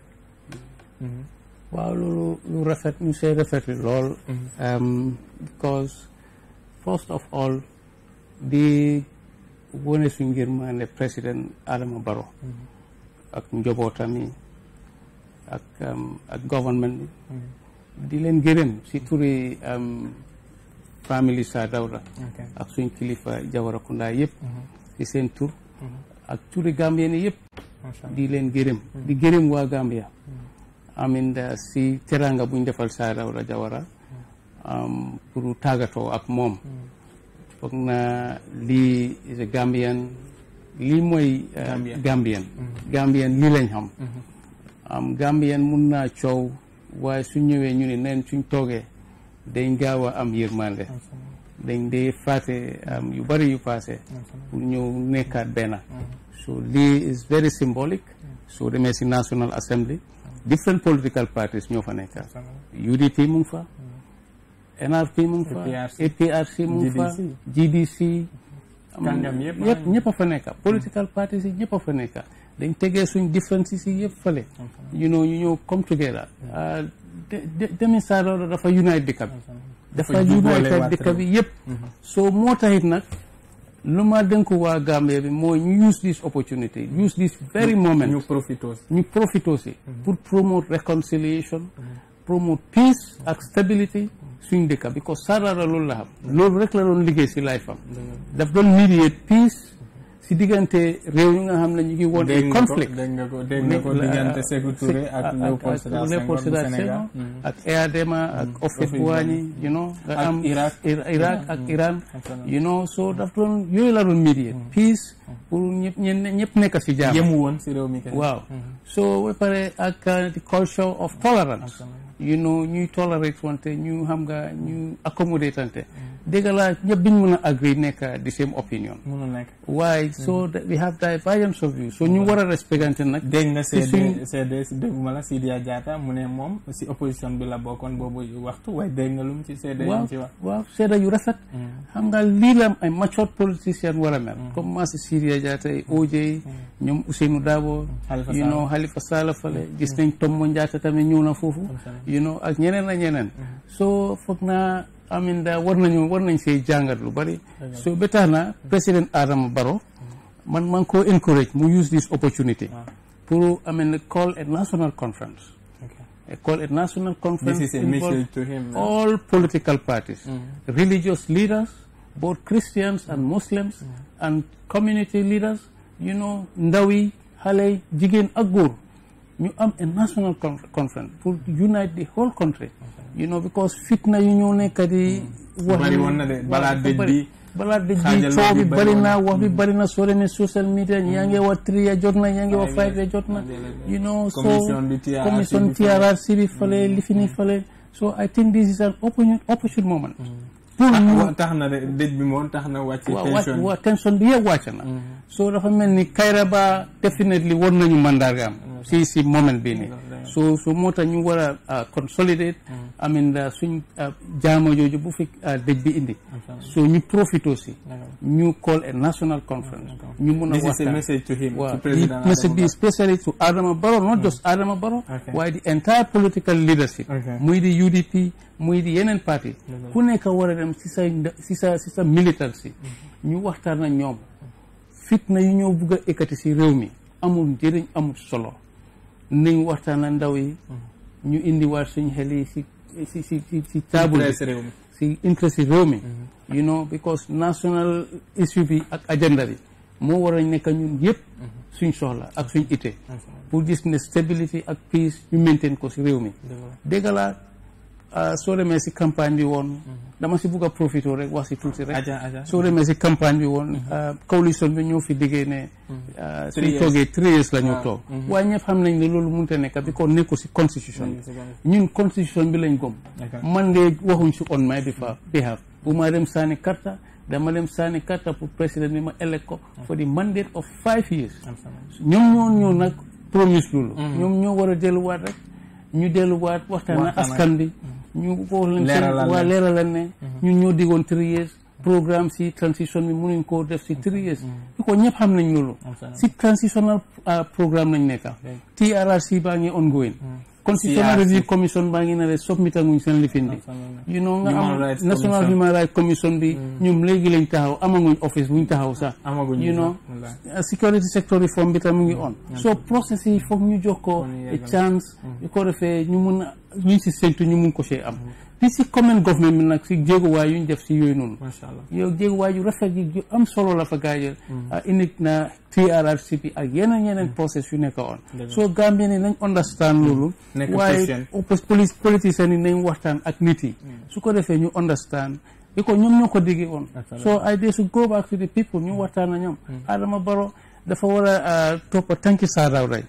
Mhm. waaw loolu lu rafet mu see rafetlu lool. Mhm. Um, because first of all di wone su ngir maa ne président Adama Barrow. Mhm. ak njobootam ak um, ak gouvernement bi leen gërëm si turi um, famille Sir Dawda ak suñ kilifa Jawarakunda yëpp mhm. si seen tur mhm. ak turi Gambien yëpp di leen gërëm mhm. di gërëm waa Gambia amin uh, si teranga buñ defal Sir Dawda Jawara um, pour tàggatoo ak moom foog na lii Gambian lii mooy uh, Gambian Gambian lii lañ xam am Gambien mun naa coow waaye su ñëwee ñu ne neen suñ toogee dañ gaaw a am yërmande dañ dee fàtte yu bari yu passé pour ñëw nekkaat benn so lii is very symbolic soo demee si National Assembly different political parties ñoo fa nekk UDP mu ngi fa NRP mu fa APRC mu fa GDC yëpp a fa nekk political parties yi ñëpp a fa nekk dañ tegee suñ différences yi yëpp fële you know ñu ñëw come together ah, demin saa loolu dafa unite dëkk bi dafa unite dëkk bi yëpp mhm. so moo taxit nag lu ma dénk waa Gambia bi mooy ñu use this opportunity use this very moment ñu profitoo si ñu profitoo si mhm. pour promote reconciliation mhm. promote peace ak stability suñ dëkk bi ko Sarara loolu la xam loolu rek la doon liggéey si life am daf doon mediate peace si diggante réew yi nga xam ne ñu ngi woon ay conflict dégg nga ko dégg diggante Sékou ak Léopold Sédar mm. ak EADMA ak mm. houphouët mm. so daf doon yooyu la doon médiate peace pour ñëpp nekk si jàmm woon si réew mi waaw so ba pare ak uh, the culture of tolerance you know ñuy tolerate wante ñu xam nga ñu accommodate wante mm. dëgg la ñëpp duñ mën a agree nekk the same opinion mm. so we have divergence of view so ñu mm. war a respectante nag dégg nga CD CD dégguma la Sidia mu ne moom si opposition bi la bokkoon boobu lu mu ci CD waaw waaw CD yu rafet xam nga lii la ay mature politicien war a mel comme maa si Sidia Jatta ay OJ ñoom Ousseynou Dabo you know Halifa Sallah fale gis nañ Tom Monjatta tamit ñëw na foofu you know ak ñeneen ak ñeneen mm-hmm. soo foog naa amin daa war nañu war nañ see jàngat lu bari so ba tax na mm-hmm. président Adama Barrow mm-hmm. man maa ngi koo encourage mu use this opportunity ah. pour amin call a national conference a national conference this is a message to him all political parties religious leaders both Christians and Muslims and community leaders you know ndaw yi xale yi jigéen ak góor ñu am a national conference pour unite the whole country you know because fitna yu ñoo nekk di mm. wax bari na de balaa dëj bi balaa dëj bi coow bi bari na wax bi mm. bari na soo demee social media yaa ngi wax three ya jot na ñaa ngi wax five ya jot na you know so commission TRRC bi fale li fi ni fale so I think this is an opportune moment mm. pour ah, hmm. tax na de dëj bi moom tax na wàcc waaw tension bi yëpp wàcc na hmm. so dafa mel ni Kairaba definitely war nañu mandargaam hmm. si si moment bii nii so so moo tax ñu war a consolidate I mean uh, suñ uh, jaamo jooju bu fi uh, dëj bi indi so ñu profite aussi ñu call a national conference ñu mun a waxtaan message to him message bi especially to Adama Barrow not just Adama Barrow waaye the entire political leadership muy di UDP muy di yeneen parti ku nekk war a dem si say si sa si sa militar si mm-hmm. ñu waxtaan ak ñoom fitna yi ñoo bugg a ekkati si réew mi amul njëriñ amul solo nañ waxtaan ak ndaw yi mm-hmm. ñu indiwaat suñ xel yi si si si si si table si interest réew mi mm-hmm. you know because national issue bi ak agenda bi moo war a nekk ñun yëpp suñ soxla ak suñ ité pour gis ne stabilité ak peace ñu maintain ko si réew mi dégg Ah, soo demee si campagne bi woon mhm. dama si bugg a profité rek wax si tuuti rek soo demee si campagne bi woon mhm. ah, coalition bi ñoo fi diggee ne mhm. ah, suñ toogee three years la ñu toog waaye ñëpp xam nañ ne loolu mënut a nekk bi ko nekkul si constitution bi ñun constitution bi lañ gëm man de waxuñ si on my behalf bu ma dem saani karta dama dem saani karta pour président bi ma elect ko for the mandate of five years ñoom ñoo ñëw nag promise loolu ñoom ñoo war a delluwaat rek ñu delluwaat waxtaan na askan bi ñu woo leen waa leeral leen ne mhm. ñun ñoo diggoon three years programme si transition bi mënuñ koo def si three years bi mhm. ko ñëpp xam nañ loolu si transitional ah, programme lañ nekka TRRC baa ngi ongoing mhm. constitutional review commission baa ngi ne de submit aguñ seen lifin bi you know nga am national human rights commission bi ñoom léegi lañ taxaw amaguñ office buñ taxaw sax you know ah, security sector reform bi tam mu ngi on so process yi foog ñu jox ko a chance ko defee ñu mun ñu si séntu ñu mun ko see am di mm-hmm. si commune government bi nag si jéeguwaay yu ñu def si yooyu noonu macha allah yow jéeguwaay yu rafet yi yu am solo la fa gaajal mm-hmm. ah, indi na TRRC bi ak yeneen yeneen mm-hmm. process yu nekk on soo Gambien ni nañ understand loolu waaye politiciens yi nañ waxtaan ak nit yi su ko defee ñu understand i ko ñoom ñoo ko diggi woon so ay dee su go back to the people ñu waxtaan ak ñoom Adama Barrow dafa war a ah, toppa tànki saadaaw rek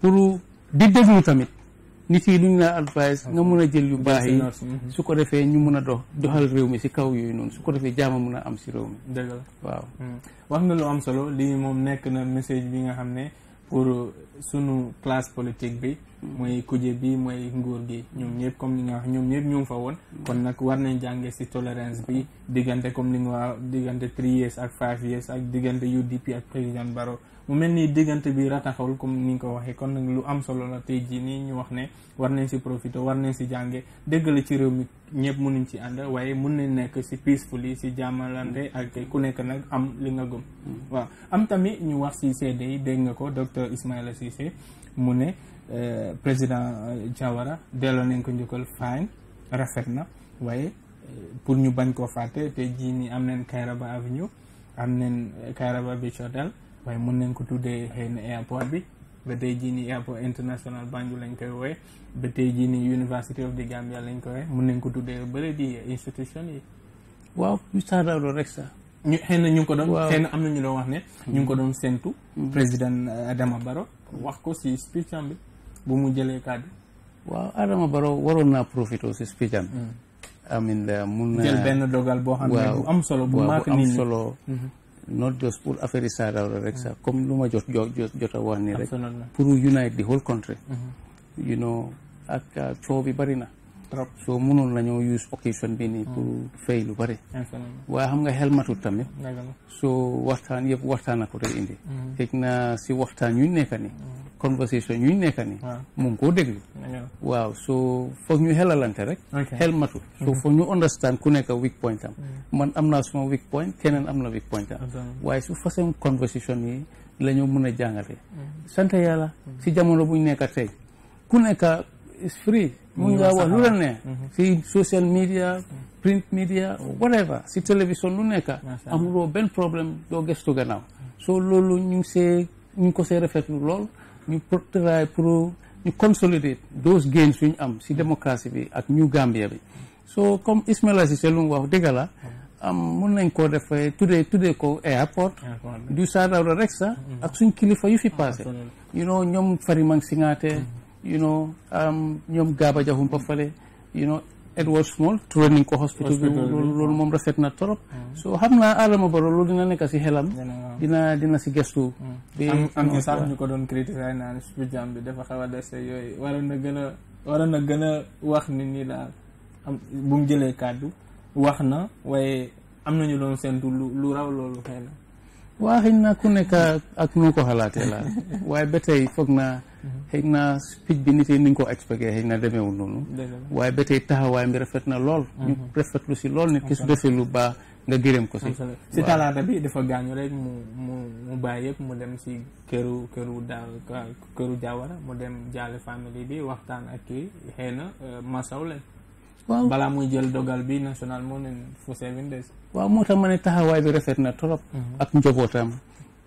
pour di déglu tamit nit yi lu ñu la advice nga mun a jël yu baax yi mhm. su ko defee ñu mun a dox doxal réew mi si kaw yooyu noonu su ko defee jaama mun a am si réew mi waaw mm. wax nga lu am solo lii moom nekk na message bi nga xam ne pour sunu classe politique bi mm. mooy kuje bi mooy nguur gi ñoom ñëpp comme ni nga wax ñoom ñëpp ñu fa woon mm. kon nag war nañ jànge si tolérance bi diggante comme li nga wax diggante three years ak five years ak diggante UDP ak président Barrow mu mel ni diggante bi rataxawul comme ni nga ko waxee kon nag lu am solo la tey jii nii ñu wax ne war nañ si profité war nañ si jànge dëgg la ci réew mi ñëpp mënuñ ci ànd waaye mun nañ nekk si peaceful si jaamalante ak ku nekk nag am li nga gëm. Hmm. waaw am tamit ñu wax si seede yi dégg nga ko docteur si Cissé mu ne euh, président euh, Jawara delloo nañ ko njukkal fine rafet na waaye euh, pour ñu bañ koo fàtte te jii nii am nañ Kairaba Avenue am nañ Kairaba Beach waaye mën nañ ko tuddee xëy airport bi ba tey jii ni airport international Banjul lañ koy wooye ba tey jii ni University of the Gambia lañ koy wooye mën nañ ko tuddee bëri di institution yi. waaw ñu saaraaru rek sax. ñu xëy na ñu ngi ko na am na ñu doon wax ne. ñu ngi ko doon séntu. Mm-hmm. président Adama Barrow wax ko si speech bi bu mu jëlee kàddu. waaw Adama Barrow waroon naa profité si speech am. Mm. amiin uh, mun naa jël benn dogal boo xam ne bu am solo. bu maak nit ñi not just pour affaire yi saaga rek sax comme lu ma jot jot a wax ni rek pour unite the whole country mm-hmm. you know ak coow bi bari na trop soo mënoon la ñoo use occasion bi nii pour mm. fay lu bëri waaye xam nga xel matut tamit mm. soo waxtaan yëpp waxtaan a ko rek indi xëj mm. na si waxtaan yuñ nekka ni conversation yuñ nekka ni mu ngi koo déglu waaw soo foog ñu xelalante rek xel matut mm-hmm. soo foog ñu understand ku nekk weak point am man am naa suma weak point keneen am na weak point am waaye su façon conversation yi la ñoo mën a jàngate sant yàlla si jamono buñ nekka tey ku nekka is free mun ngaa wax lu la ne si mm-hmm. mm-hmm. social media print media whatever si télévision lu nekk amuloo benn problème doo gëstu gannaaw soo loolu ñu ngi see ñu ngi ko see rafetlu lool ñu pour travail pour ñu consolider those am si démocratie bi ak ñu Gambia so comme Ismaila Ceesay lu mu wax dëgg la mm-hmm. am mun nañ ko def eh, tuddee tuddee ko airport du saa daaw rek sax ak suñ kilifa yu fi ah, passé you know ñoom Fariman Singate you know um, ñoom Gaba Jawum ba fale you know Edward Small training ko hospital bi loolu moom rafet na trop mm. so xam naa Adama Barrow loolu dina nekk si xelam dina dina si gestu mm. am ñu ñu ko doon critiquer naan su jàmm bi dafa xaw a dese yooyu waroon na gën a waroon na gën a wax nit ñi daal am mu jëlee kàddu wax na waaye am nañu doon seentu lu raw loolu xëy na waa xëy na ku nekk ak nu ko xalaatee la waaye ba tey foog naa Mhm. xëy na speech bi nit yi ni ñu ko expliqué na demeewul noonu waaye ba tey taxawaay bi rafet na lool mhm. ñu rafetlu si lool nit ki su defee lu baax nga gërëm ko si si talaata bi dafa gaañu rek mu mu mu bàyyi yëpp mu dem si këru këru daa këru jaawara mu dem jaale famille bi waxtaan ak kii xëy na euh, masaw waaw balaa muy jël dogal bi national moo leen for seven days waaw moo tax ma ne taxawaay bi rafet na trop mhm. ak njabootam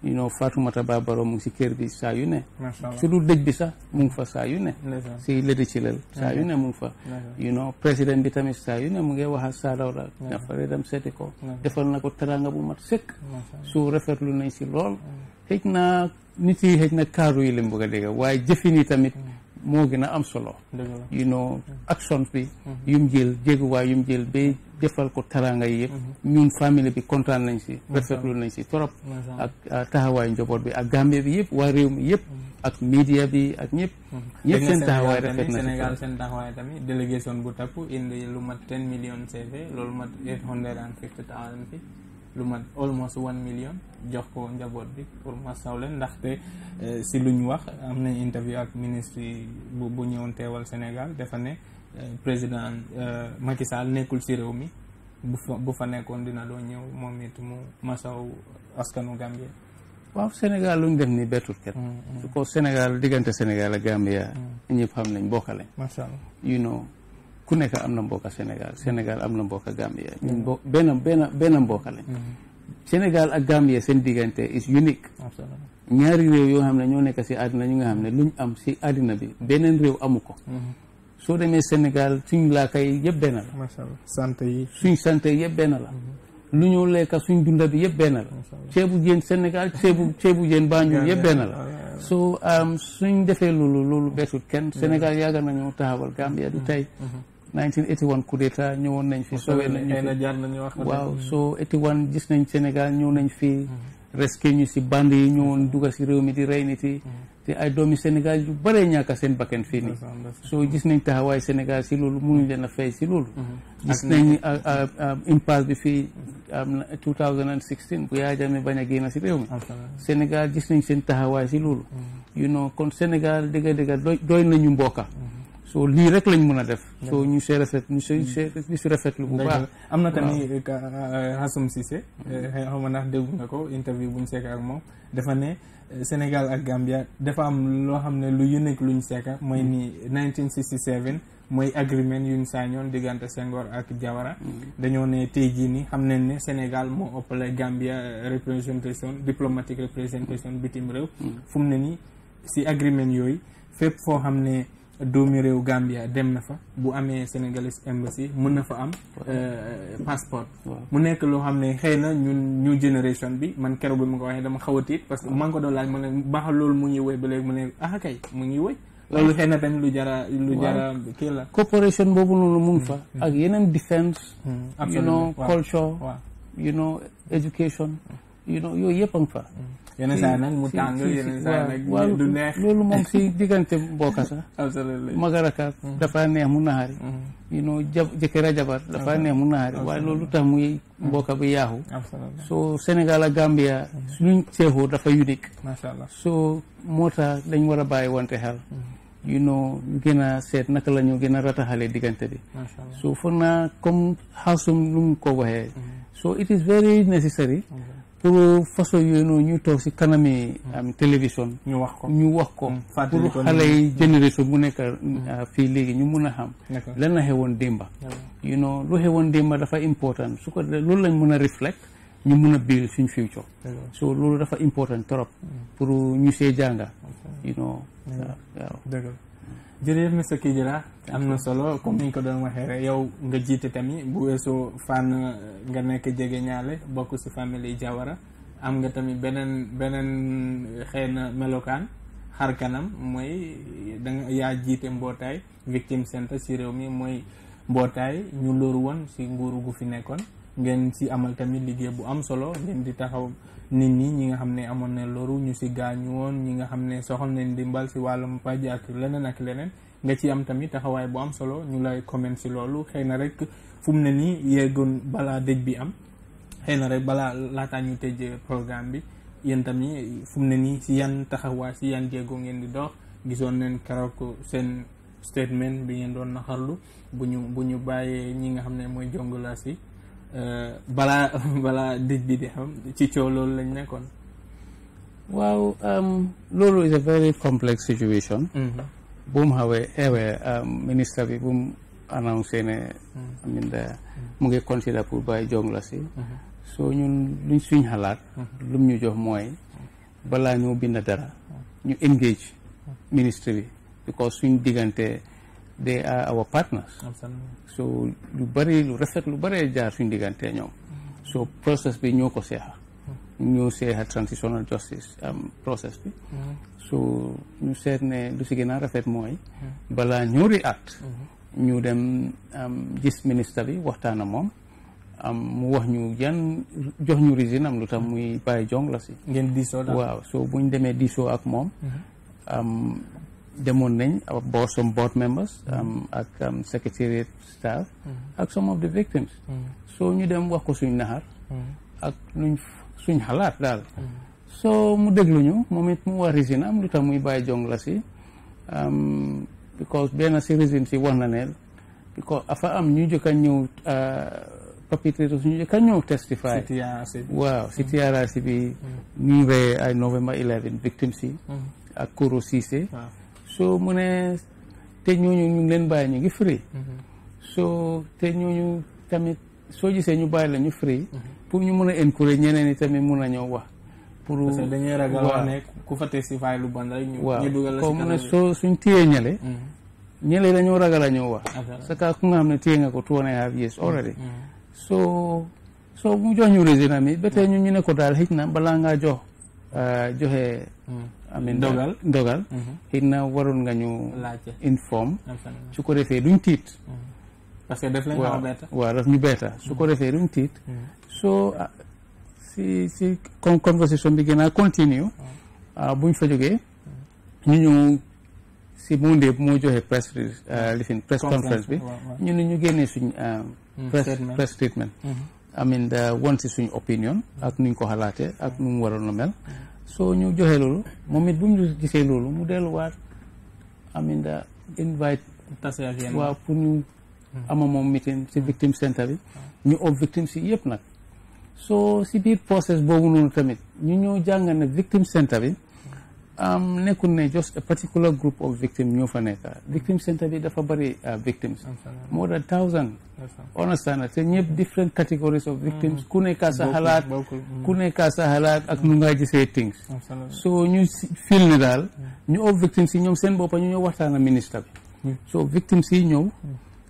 you know Fatoumata Ba Baro mu ngi si kër bi saa yu ne su dul dëj bi sax mu ngi fa saa yu ne si lëdi ci lal saa yu ne mu ngi fa you know président bi tamit saa yu ne mu ngi wax ak Saadawra dafare dem seeti ko defal na ko teranga bu mat sëkk su rafetlu nañ si lool xëj na nit yi xëj na kaaru yi lañ bëgg a waaye jëfin yi tamit mm. moo gën a am solo you know mm. actions bi mm-hmm. yum jël jéeguwaay yum jël ba defal ko teraanga yi yëpp mhm. ñun famille bi kontaan nañ si rafetlu nañ si trop ak taxawaayu njoboot bi ak Gambie bi yëpp waa réew mi yëpp mhm. ak media bi ak ñëpp mhm. ñëpp seen taxawaay rafet na Sénégal seen taxawaay tamit délégation bu takku indi lu ma ten million CV loolu mat eight hundred and fifty thousand fi lu mat almost million jox ko njaboot bi pour masaw leen ndaxte eh, si luñ wax am nañ interview ak ministre bu bu ñëwoon teewal senegal dafa ne président euh, Macky Sall nekkul ci réew mi bu fa bu fa nekkoon dina doon ñëw moom it mu masaw askanu Gambie. waaw Sénégal lu ñu def ni bettul kenn. Mm, mm. su ko Sénégal diggante Sénégal ak Gambia. Mm. ñëpp xam nañ mbokk lañ. macha allah ku nekk am na mbokk Sénégal Sénégal am na mbo benn benn benn mbokk lañ. Sénégal ak Gambia seen diggante is unique. ñaari réew yoo xam ne ñoo nekk si àddina ñu nga xam ne luñ am si àddina bi beneen réew amu ko. Mm-hmm. soo demee Sénégal suñ laaka yi yëpp benn la. macha allah sant yi. suñ sant yi yëpp benn la. Mhm. lu ñu lekka suñ dunda bi yëpp benn la. ceebu jën Sénégal ceebu ceebu jën Banjul yëpp benn la. Ah, so um, suñ defee loolu loolu beesut kenn Sénégal yàgg nañu taxawal Gambia du mm-hmm. tey. 1981 mm-hmm. coup d'état ñëwoon nañ fi. sowee nañ fi waaw so 81 gis nañ Sénégal ñëw nañ fii mm-hmm. reske ñu si band yi ñëwoon dugal si réew mi di rey nit yi te ay doomi Sénégal yu bare ñàkk seen bakkan fii nii soo gis nañ taxawaay Sénégal si loolu mënuñ leen a fay si loolu mm-hmm. gis nañ impasse bi fii am na 2016 bu Yaya Jammeh bañ a génn si réew mi Sénégal gis nañ seen taxawaay si loolu mm-hmm. you know kon Sénégal dëgg dëgg doy nañu mbokka mm-hmm. soo lii rek lañ mën a def soo ñu see rafet ñu see ñu si rafetlu bu baax am na tamit euh, euh, Hassoum Cissé euh, mm-hmm. xaw ma ndax dégg nga ko interview bu ñu ak moom dafa ne Sénégal ak Gambia dafa am loo xam ne lu unique luñ seeka mooy ni 1967 mm-hmm. mooy agreement yuñ saañoon diggante Senghor ak Jawara mm-hmm. dañoo ne tey jii ni xam nañ ne Sénégal moo ëppale Gambia représentation diplomatique représentation bitim réew fu mu ne ni si agreement yooyu fépp foo xam ne doomi réew Gambia dem na fa bu amee Sénégalais embassy mën na fa am euh, passeport mu nekk loo xam ne xëy na ñun new génération bi man keroog bi ma ko waxee dama xaw a tiit parce que maa ngi ko doon laaj ma ne baax loolu mu ngi woy ba léegi mu ne ah kay mu ngi wéy loolu xëy na tamit lu jara lu jara kii la corporation boobu noonu mu fa mm. ak yeneen defense mm. you yooyu yëpp a fa mm. yenn saa yi nag mu tàng yenn saa yi nag du neex loolu moom si diggante mbokk sax magaraka mm. dafa neex mu naxari mm. you know jëkkër a jabar dafa neex mu naxari waaye loolu tax muy mbokk mm. bi yaaxu so Sénégal ak Gambia suñu seexoo dafa unique macha allah so moo tax dañ war a bàyyi wante xel you know gën a seet naka la gën a rataxalee diggante bi so foog naa comme xasum lu mu ko waxee so it is very necessary pour façon yooyu noonu ñu toog si kanami hmm. am télévision ñu wax ko ñu wax ko hmm. pour xale yi hmm. génération bu nekk ah, fii léegi ñu mun a xam lan la xewoon démba you know lu xewoon démba dafa important su ko loolu lañ mun a reflect ñu mun a biil suñ future so loolu dafa important trop pour ñu see jànga you know waaw jërëjëf monsieur Kidira am na solo comme ni ñu ko doon waxee rek yow nga jiite tamit bu weesoo fànn euh, nga nekk jege ñaale bokk si famille Jawara am nga tamit beneen beneen euh, xëy melokaan xar kanam mooy da yaa jiite mbootaay victime centre si réew mi mooy mbootaay ñu lóoru woon si nguuru gu fi nekkoon ngeen si amal tamit liggéey bu am solo ngeen di taxaw nit ñi ñi nga xam ne amoon na loru ñu si gaañu woon ñi nga xam ne soxal ne ndimbal si wàllum paj ak leneen ak leneen nga ci am tamit taxawaay bu am solo ñu lay comment si loolu xëy na rek fu mu ne nii yeggoon balaa dëj bi am xëy na rek balaa laataa programme bi yéen tamit fu ne nii si yan taxawaay si yan jéego ngeen di dox gisoon nañ keroog seen statement bi ngeen doon naxarlu bu ñu ñu bàyyee ñi nga xam ne mooy jongla si Euh, balaa balaa dëj bi di xam ci coow loolu lañ nekkoon. waaw um, loolu is a very complex situation. Mm-hmm. bu mu xawee eewee eh, um, ministre bi bu mu annoncé ne. Mm-hmm. Uh, mu ngi consider pour bàyyi jongla si. Mm-hmm. soo ñun luñ suñ xalaat. lum ñu jox mooy balaa ñoo bind dara. ñu engage ministre because suñ diggante. they are our partners so lu bëri lu rafet lu bëree jaar suñ diggante ñoom so process bi ñoo ko seexa mm-hmm. ñoo seexa transitional justice am um, process bi mm-hmm. so ñu seet ne lu si gën a rafet mooy mm-hmm. balaa ñoo react ñu dem um, gis ministre bi waxtaan ak moom um, mu wax ñu yan jox ñu reason am lu tax muy bàyyi jong si waaw so buñ demee diisoo ak moom demoon nañ uh, boor some board members mm-hmm. um, ak um, secretariat staff mm-hmm. ak some of the victims mm-hmm. so ñu dem wax ko suñ naxar ak luñ suñ xalaat daal so mu dégluñu moom it mu wax reason am lu tax muy bàyyi jong si um, because benn si reason si wax na ne because afa am ñu jëkka ñëw uh, perpetrators ñu a ñëw testify waaw si TRRC bi ñu rey ay November 11 victims yi ak Koro Ceesay soo mu ne te ñooñu ñu ngi leen bàyyi ñu ngi free mm-hmm. soo te ñooñu tamit soo gisee ñu bàyyi la ñu free mm-hmm. pour ñu mun a encourage ñeneen tamit mun a ñëw wax pour parce si mu ne suñ téyee ñële mm-hmm. ñële dañoo ragal a ñëw wax sa kaa ku nga xam ne téye nga ko two and a half years already soo soo mu jox ñu résin am yi ba ñu ñu ne ko daal xëj balaa ngaa jox Euh, joxe hmm. amin ndogal ndogal hmm. xëy waroon nga ñu inform su ko defee duñ tiit hmm. parce que daf leen a beeta waaw daf ñu beeta ah, si si comme conversation bi gën a continue ah, buñ fa jógee ñu ñëw si Monday bu moo joxe press euh, lifin press conference bi ñu ne ñu génnee suñ euh, press statement amin won si suñu opinion ak nuñ ko xalaatee ak nu mu waroon a mel soo ñu joxee loolu moom it bu mu gisee loolu mu delluwaat amin invite waaw pour ñu ama moom meeting si victime center bi ñu ob victime si yëpp nag soo si biir process boobu noonu tamit ñu ñoo jàng ne victime center bi nekkul ne just a particular group of victims ñoo fa nekk victim center bi dafa bëri uh, victims more than thousand understand te ñëpp different categories of victims mm. ku nekka sa xalaat mm. ku nekka sa xalaat ak nu nga gisee things so ñu fil ne daal mm. ñu of victims yi ñoom seen boppa ñu ñëw waxtaan ak ministre bi so victims yi ñëw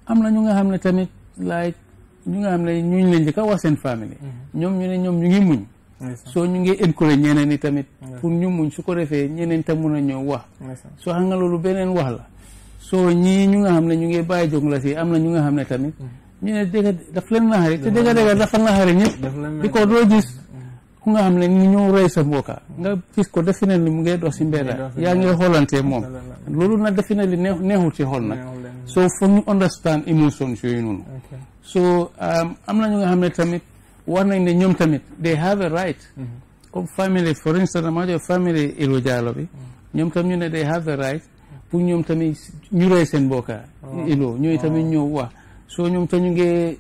am na ñu nga xam ne tamit like ñu nga xam ne ñuñ la njëkk a wax seen famille ñoom ñu ne ñoom ñu ngi muñ soo ñu ngi encourage ñeneen ñi tamit pour ñu muñ su ko defee ñeneen tam mun a ñëw wax soo xam nga loolu beneen wax la so ñi ñu nga xam ne ñu ngi bàyyi jong la si am na ñu nga xam ne tamit mm. ñu ne dëgg daf leen naxari te dëgg dëgg dafa naxari ñëpp di ko doo gis mm. ku sa mbokka nga gis ko defe na li mu ngay dox si mbedda yaa ngi xoolantee moom loolu nag na li neex neexul ci xol nag soo foog ñu understand emotions yooyu so am na ñu nga xam ne tamit war nañ ne ñoom tamit they have a right comme mm-hmm. famille for instance dama jox famille Ilu Diallo bi ñoom mm-hmm. tam ñu ne they have a right pour ñoom tamit ñu rey seen bokka oh. Ilu ñooy oh. tamit ñëw wax soo ñoom ta ñu ngee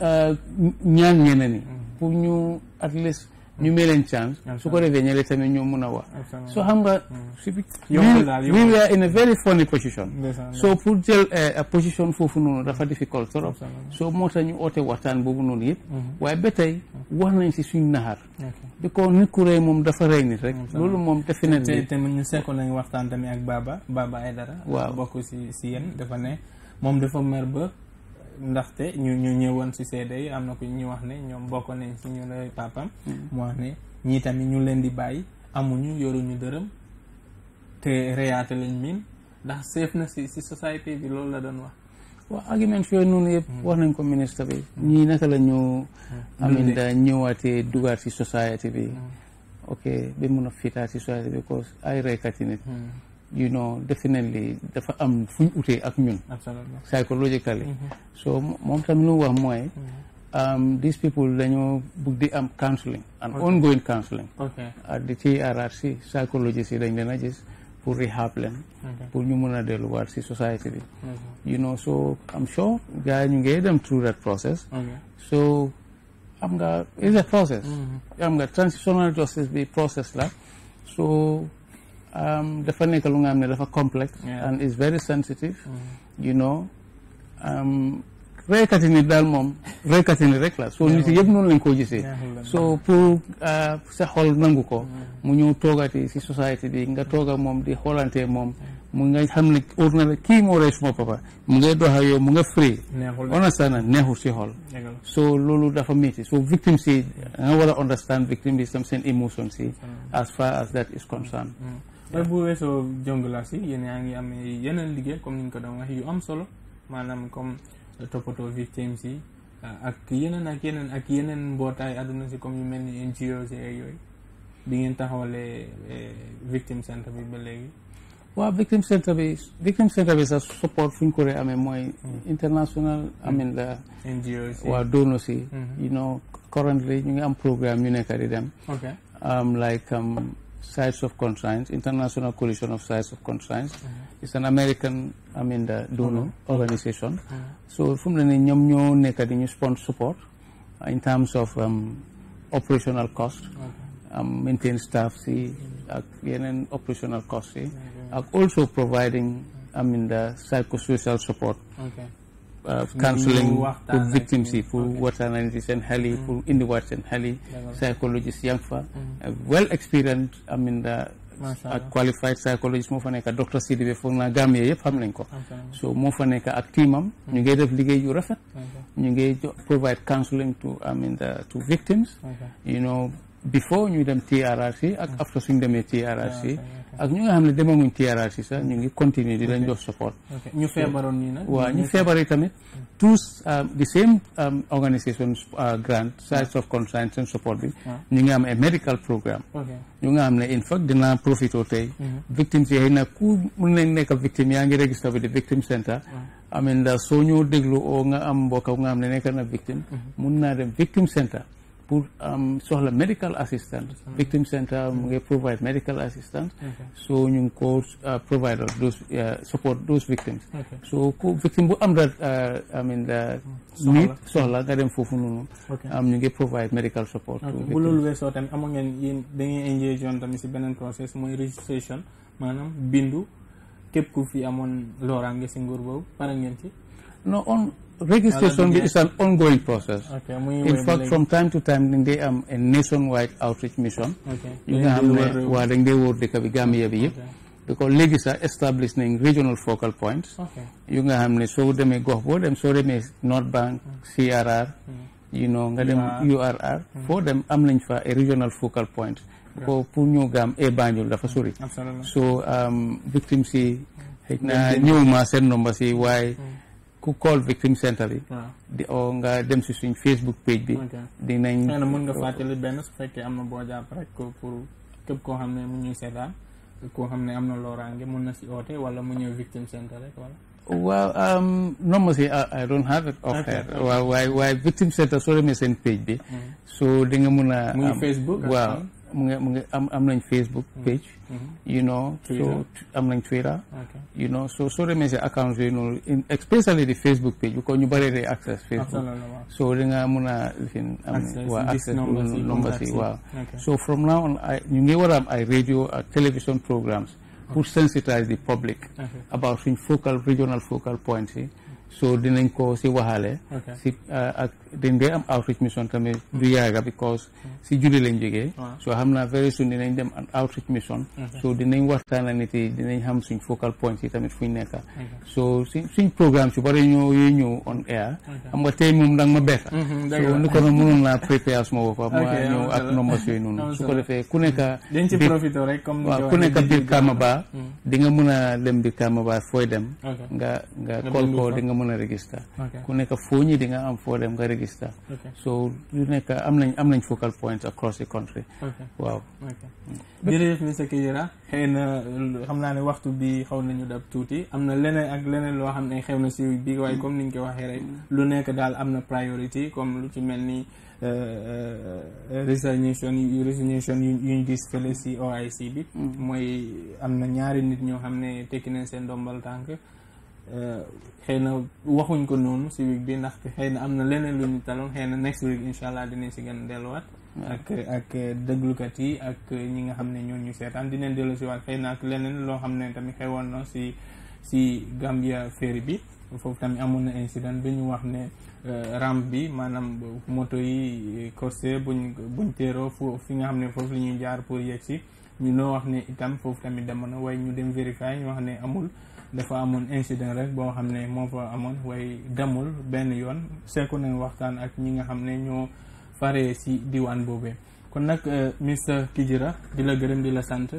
ñaan uh, ñeneen ñi mm-hmm. pour ñu at least ñu may leen chance su ko defee ñële tamit ñoo mun a wax so xam nga mm. we were in a very funny position so pour jël eh, eh, position foofu noonu dafa difficult trop so moo tax ñu oote waxtaan boobu noonu yëpp mm-hmm. waaye ba tey mm-hmm. wax nañ si suñ naxar bi ko nit ku rey moom dafa rey nit rek loolu moom definitely te ñu sekkoon nañu waxtaan tamit ak Baba Baba Aidara waaw bokk si si yéen dafa ne moom dafa ndaxte ñu ñu ñëwoon si seede yi am na ko ñu wax ne ñoom bokk nañ si ñu lay papam mm. mu wax ne ñii tamit ñu leen di bàyyi amuñu yoruñu dërëm te reyaate lañ miin ndax seef na si si société bi loolu la doon wax waaw argument fi noonu yëpp mm. wax nañ ko ministre bi mm. ñii naka la ñu amin da ñëwaatee dugaat si société bi ok ba mun a fitaat si société bi cause ay reykat yi nit you know definitely dafa am fuñ utee ak ñun psychologically mm-hmm. so moom tamit lu wax mooy mm-hmm. Um, these people dañoo bugg di am counseling an okay. ongoing counseling okay. at the TRRC psychologist yi dañ leen a gis pour rehab leen okay. pour ñu mën a delluwaat si society bi mm-hmm. you know so I'm sure gars ñu ngee dem through that process so am nga a transitional justice bi process la Um, dafa nekk lu nga xam ne dafa complex and is very sensitive mm. you know um, reykati nit daal moom reykati nit rek la soo nit yëpp noonu lañ koo gisee soo pour uh, sa xol nangu ko mm. mu ñëw toogati si société bi nga mm. toog moom di xoolantee moom mu nga xam ne ordinaire kii moo rey suma papa mu ngay dox ak yow mu nga free understand na neexul si xol so loolu dafa métti so victime si nga war a understand victime bi sam seen émotion si as far as that is concerned heure bu weesoo la si yéen yaa ngi amee yeneen liggéey comme ni ñu ko doon wax yu am solo maanaam comme toppatoo victimes yi ah, ak yeneen ak yeneen ak yeneen mbootaay àdduna si comme yu mel ni NGO si ay yooyu bi ngeen taxawalee eh, victime centre bi ba léegi waaw victime centre bi victime centre bi sa support fu ñu ko dee amee mooy hmm. international amin la NGOs waaw dono si hmm. you know currently ñu ngi am programme ñu nekk di dem um, like um, sides of conscience, International Coalition of Sides of Conscience. Mm -hmm. It's an American, I mean, the uh-huh. uh-huh. ñoom ñoo nekk di ñu sponsor support uh, in terms of um, operational cost, um, maintain staff si ak yeneen operational cost si ak also providing psychosocial support. Uh, counseling pour victims yi pour waxtaanal ci seen xel yi mm. pour indiwaat seen xel yi psychologist yang fa mm. uh, well experienced I mean ak qualified psychologist moo fa nekk docteur Sidibé foog naa Gambie yëpp xam nañ ko so moo fa nekk ak teamam mm. ñu ngi def liggéey yu rafet ñu ngi provide counseling to I mean the, to victims you know before ñu dem TRRC ak after suñ demee TRRC ah, ak ñu nga xam ne demaguñ ci hiérarchie sax ñu ngi continuer di lañ jox support. ñu feebaroon nii nag. waaw ñu feebar yi tamit tous um, the same um, organisation uh, grant sites of concern seen support bi. Ah. ñu ngi am a medical programme. ñu nga xam ne in fact dinaa profité tey. Mhm. victimes yi xëy na ku mun nañ nekk victime yaa ngi registré bi di victime center. Ah. I mean uh, soo ñëw déglu oo nga am mbokk nga xam ne nekk na victime. Mhm. mun naa dem victime center. pour am soxla medical assistance mm-hmm. victim center mu ngi provide medical assistance so ñu ngi ko uh, provide those uh, support those victims so ku victim bu am that uh, I mean mm. the soxla nga dem foofu noonu am ñu ngi provide medical support bu loolu weesoo tamit amoon ngeen yéen dangeen engage yoon tamit si beneen process mooy registration maanaam bindu képp ku fi amoon looraange si nguur boobu pare ngeen ci non on registration bi is an ongoing process okay, in fact from time to time dañ dee am a nationwide outreach mission yi nga xam ne waa dañ dee wóor dëkk bi Gambia bi yëpp because léegi sax establish nañ regional focal points yu nga xam ne soo demee gox boo dem soo demee North Bank mm. CRR mm. you know nga dem URR mm. foo dem am nañ fa a regional focal point ko pour ñëw gaam e eh, Banjul dafa sori so um, victims yi xëy na ñëw seen nomba si waaye ku call victim center bi. di oo nga dem si suñ Facebook page bi. dinañ xëy na mën nga fàttali benn su fekkee am na boo jàpp rek pour képp koo xam ne mu ñuy seetaan koo xam ne am na looraange mën na si oote wala mu ñëw victim center rek wala. waaw normalement I don't have it off here waaw waaye waaye victim center soo demee seen page bi. Mm. so di nga mun a. muy Facebook waaw mu nga mu nga am am nañ Facebook mm. page. Mm-hmm. you know so am nañ Twitter you know so soo demee si accounts yooyu noonu especially di Facebook page because ñu bari day access Facebook so da nga mën a lifin am waa waaw so from now on ay ñu ngi war a am ay radio ak uh, television programmes pour sensitize the public about suñ focal regional focal points yi so dinañ ko si waxaale si euh, ak dañ dee am outreach mission tamit hmm. du yaaga because hmm. si julli lañ jógee so xam naa very soon dinañ dem outreach mission so dinañ waxtaan a nit yi dinañ xam suñ focal points yi tamit fuñ nekka so suñ suñ programme si bari ñoo yooyu ñëw on air xam nga tey moom danga ma bett hmm, so ni ko na mënoon laa prépare suma boppa ma ñëw ak numbers yooyu noonu su ko defee ku nekka waaw ku nekka biir Kaamaba di nga mën a dem biir Kaamaba fooy dem mën a register ku nekk foo ñi di nga am foo dem nga register so lu nekk am nañ am nañ focal points across the country waaw jërëjëf monsieur Kijera xëy na euh, xam naa ne waxtu bi xaw nañu dab tuuti am na leneen ak leneen loo xam ne xew na si biir waaye comme niñ ko waxee rek lu nekk daal am na priority comme lu ci mel ni euh, euh, resignation resignation yu ñu gis fële si OIC bi mm. mooy am na ñaari nit ñoo xam ne tekki nañ seen ndombal tànk Euh, xëy na waxuñ ko noonu si week bi ndax xëy na am na leneen lu ñu taloon xëy na next week incha allah dinañ si gën a delluwaat. ak ak yi ak ñi nga xam ne ñoon ñu seetaan dinañ dellu si waat xëy ak leneen loo xam ne tamit xewoon na si si Gambia ferry bi foofu tamit amoon na incident bi ñu wax ne euh, ramp bi maanaam moto yi corsé buñ buñ teeroo fu fi nga xam ne foofu la ñuy jaar pour yegg si ñu noo wax ne itam foofu tamit demoon na waaye ñu dem vérifier ñu wax ne amul. dafa amoon incident rek boo xam ne moo fa amoon waaye demul benn yoon seeku nañ waxtaan ak ñi nga xam ne ñoo faree ci diwaan boobee kon nag euh, Mister Kijera di la gërëm di la sant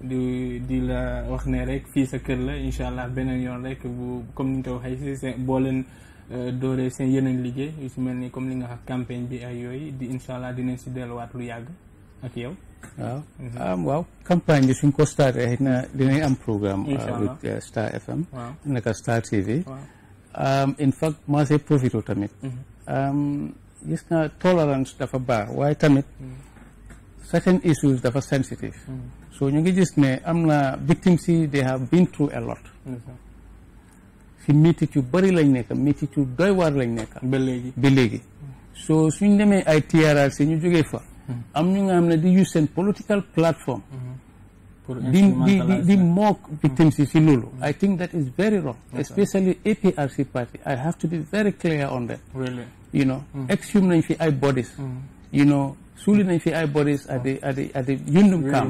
di di la wax ne rek fii sa kër la incha allah beneen yoon rek bu comme ni nga ko waxee si boo leen euh, dooree seen yeneen liggéey yu si mel ni comme li nga xam campagne bi ak yooyu di incha di dinañ si delluwaat lu yàgg ak yow. waaw mhm. am campagne bi suñ ko starté xëy na dinañ am programme euh, with euh, Star FM naka Star TV in fact maa profito tamit mhm. gis nga tolérance dafa baax waaye tamit mhm. certain issues dafa sensitive so ñu ngi gis ne am na victims yi they have been through a lot si métit bari lañ nekk métit doy waar lañ nekk ba léegi so suñ demee ay TRRC ñu jógee fa am ñu nga xam ne di use seen political platform di di di mock mm-hmm. victims si loolu mm-hmm. I think that is very wrong especially APRC party I have to be very clear on that you know mm. exhume nañ fi ay bodies mm. you know suuli nañ fi ay bodies a the at the at the Yundum a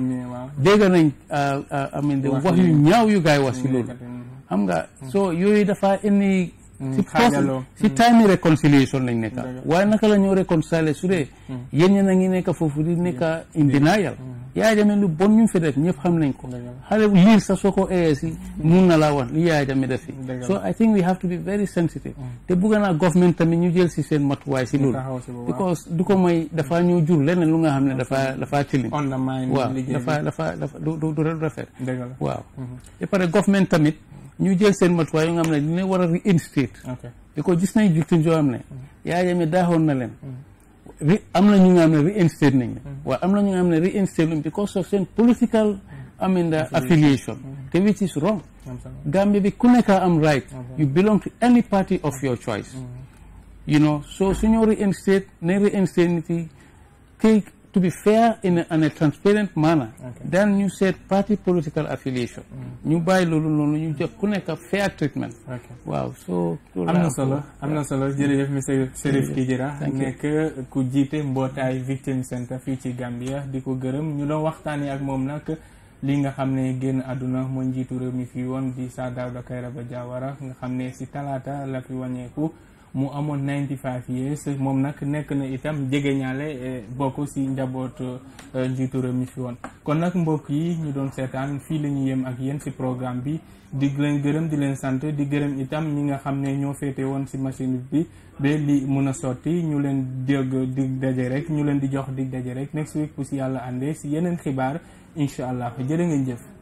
dégg nañ uh, uh, I mean the wax yu ñaaw yu gaay si loolu mm-hmm. xam nga mm. so yooyu dafa indi Mm, si xaajaloo si mm. time yi réconciliation lañ nekka waaye naka la ñoo su dee yéen ñi na mm. nekka foofu di nekka in denial yaay lu bon ñu fi def ñëpp xam nañ ko xale liir sax soo ko ee eh, mun na laa wan li yaay jamee def fi so I think we have to be very sensitive te bëgg naa government tamit ñu jël si seen matuwaay si loolu because du ko mooy dafa ñoo jur leneen lu nga xam ne dafa dafa tilim waaw dafa dafa dafa du rafet waaw et pare government ñu jël seen matuwaay yu nga xam ne dina war a réinstituer di ko gis nañ victimes yoo xam ne mm-hmm. yaa jamee daaxoon na leen mm-hmm. ri am na ñu nga xam ne réinstituer nañ leen mm-hmm. am na ñu nga xam ne réinstituer luñ because of seen political amenda affiliation te which is wrong Gambia bi ku nekk am right you belong to any party of your choice you know so suñoo réinstituer nañ réinstituer nit yi to be fair in a, in a transparent manner okay. then you said party political affiliation mm. ñu bàyyi loolu noonu ñu jox ku nekk fair treatment waaw so am na solo am na solo jërëjëf monsieur Sheriff Kijera nekk ku jiite mbootaay Victim Center fii ci Gambia di ko gërëm ñu doon waxtaanee ak moom nag lii nga xam ne génn àdduna mooy njiitu réew mi fi woon di Sir Dawda Kairaba Jawara nga xam ne si talaata la fi wàññeeku mu amoon 95 years moom nag nekk na itam jege jegeñaale eh, bokk ci njaboot eh, njiitu réew mi kon nag mbokk yi ñu doon seetaan fii la yem ak yéen ci programme bi di leen gërëm di leen sant di gërëm itam ñi nga xam ne ñoo féete woon ci machine bi ba li mën a sotti ñu leen dégg dig daje rek ñu leen di jox dig daje rek next week bu yàlla àndee si yeneen xibaar incha allah jërë ngeen jëf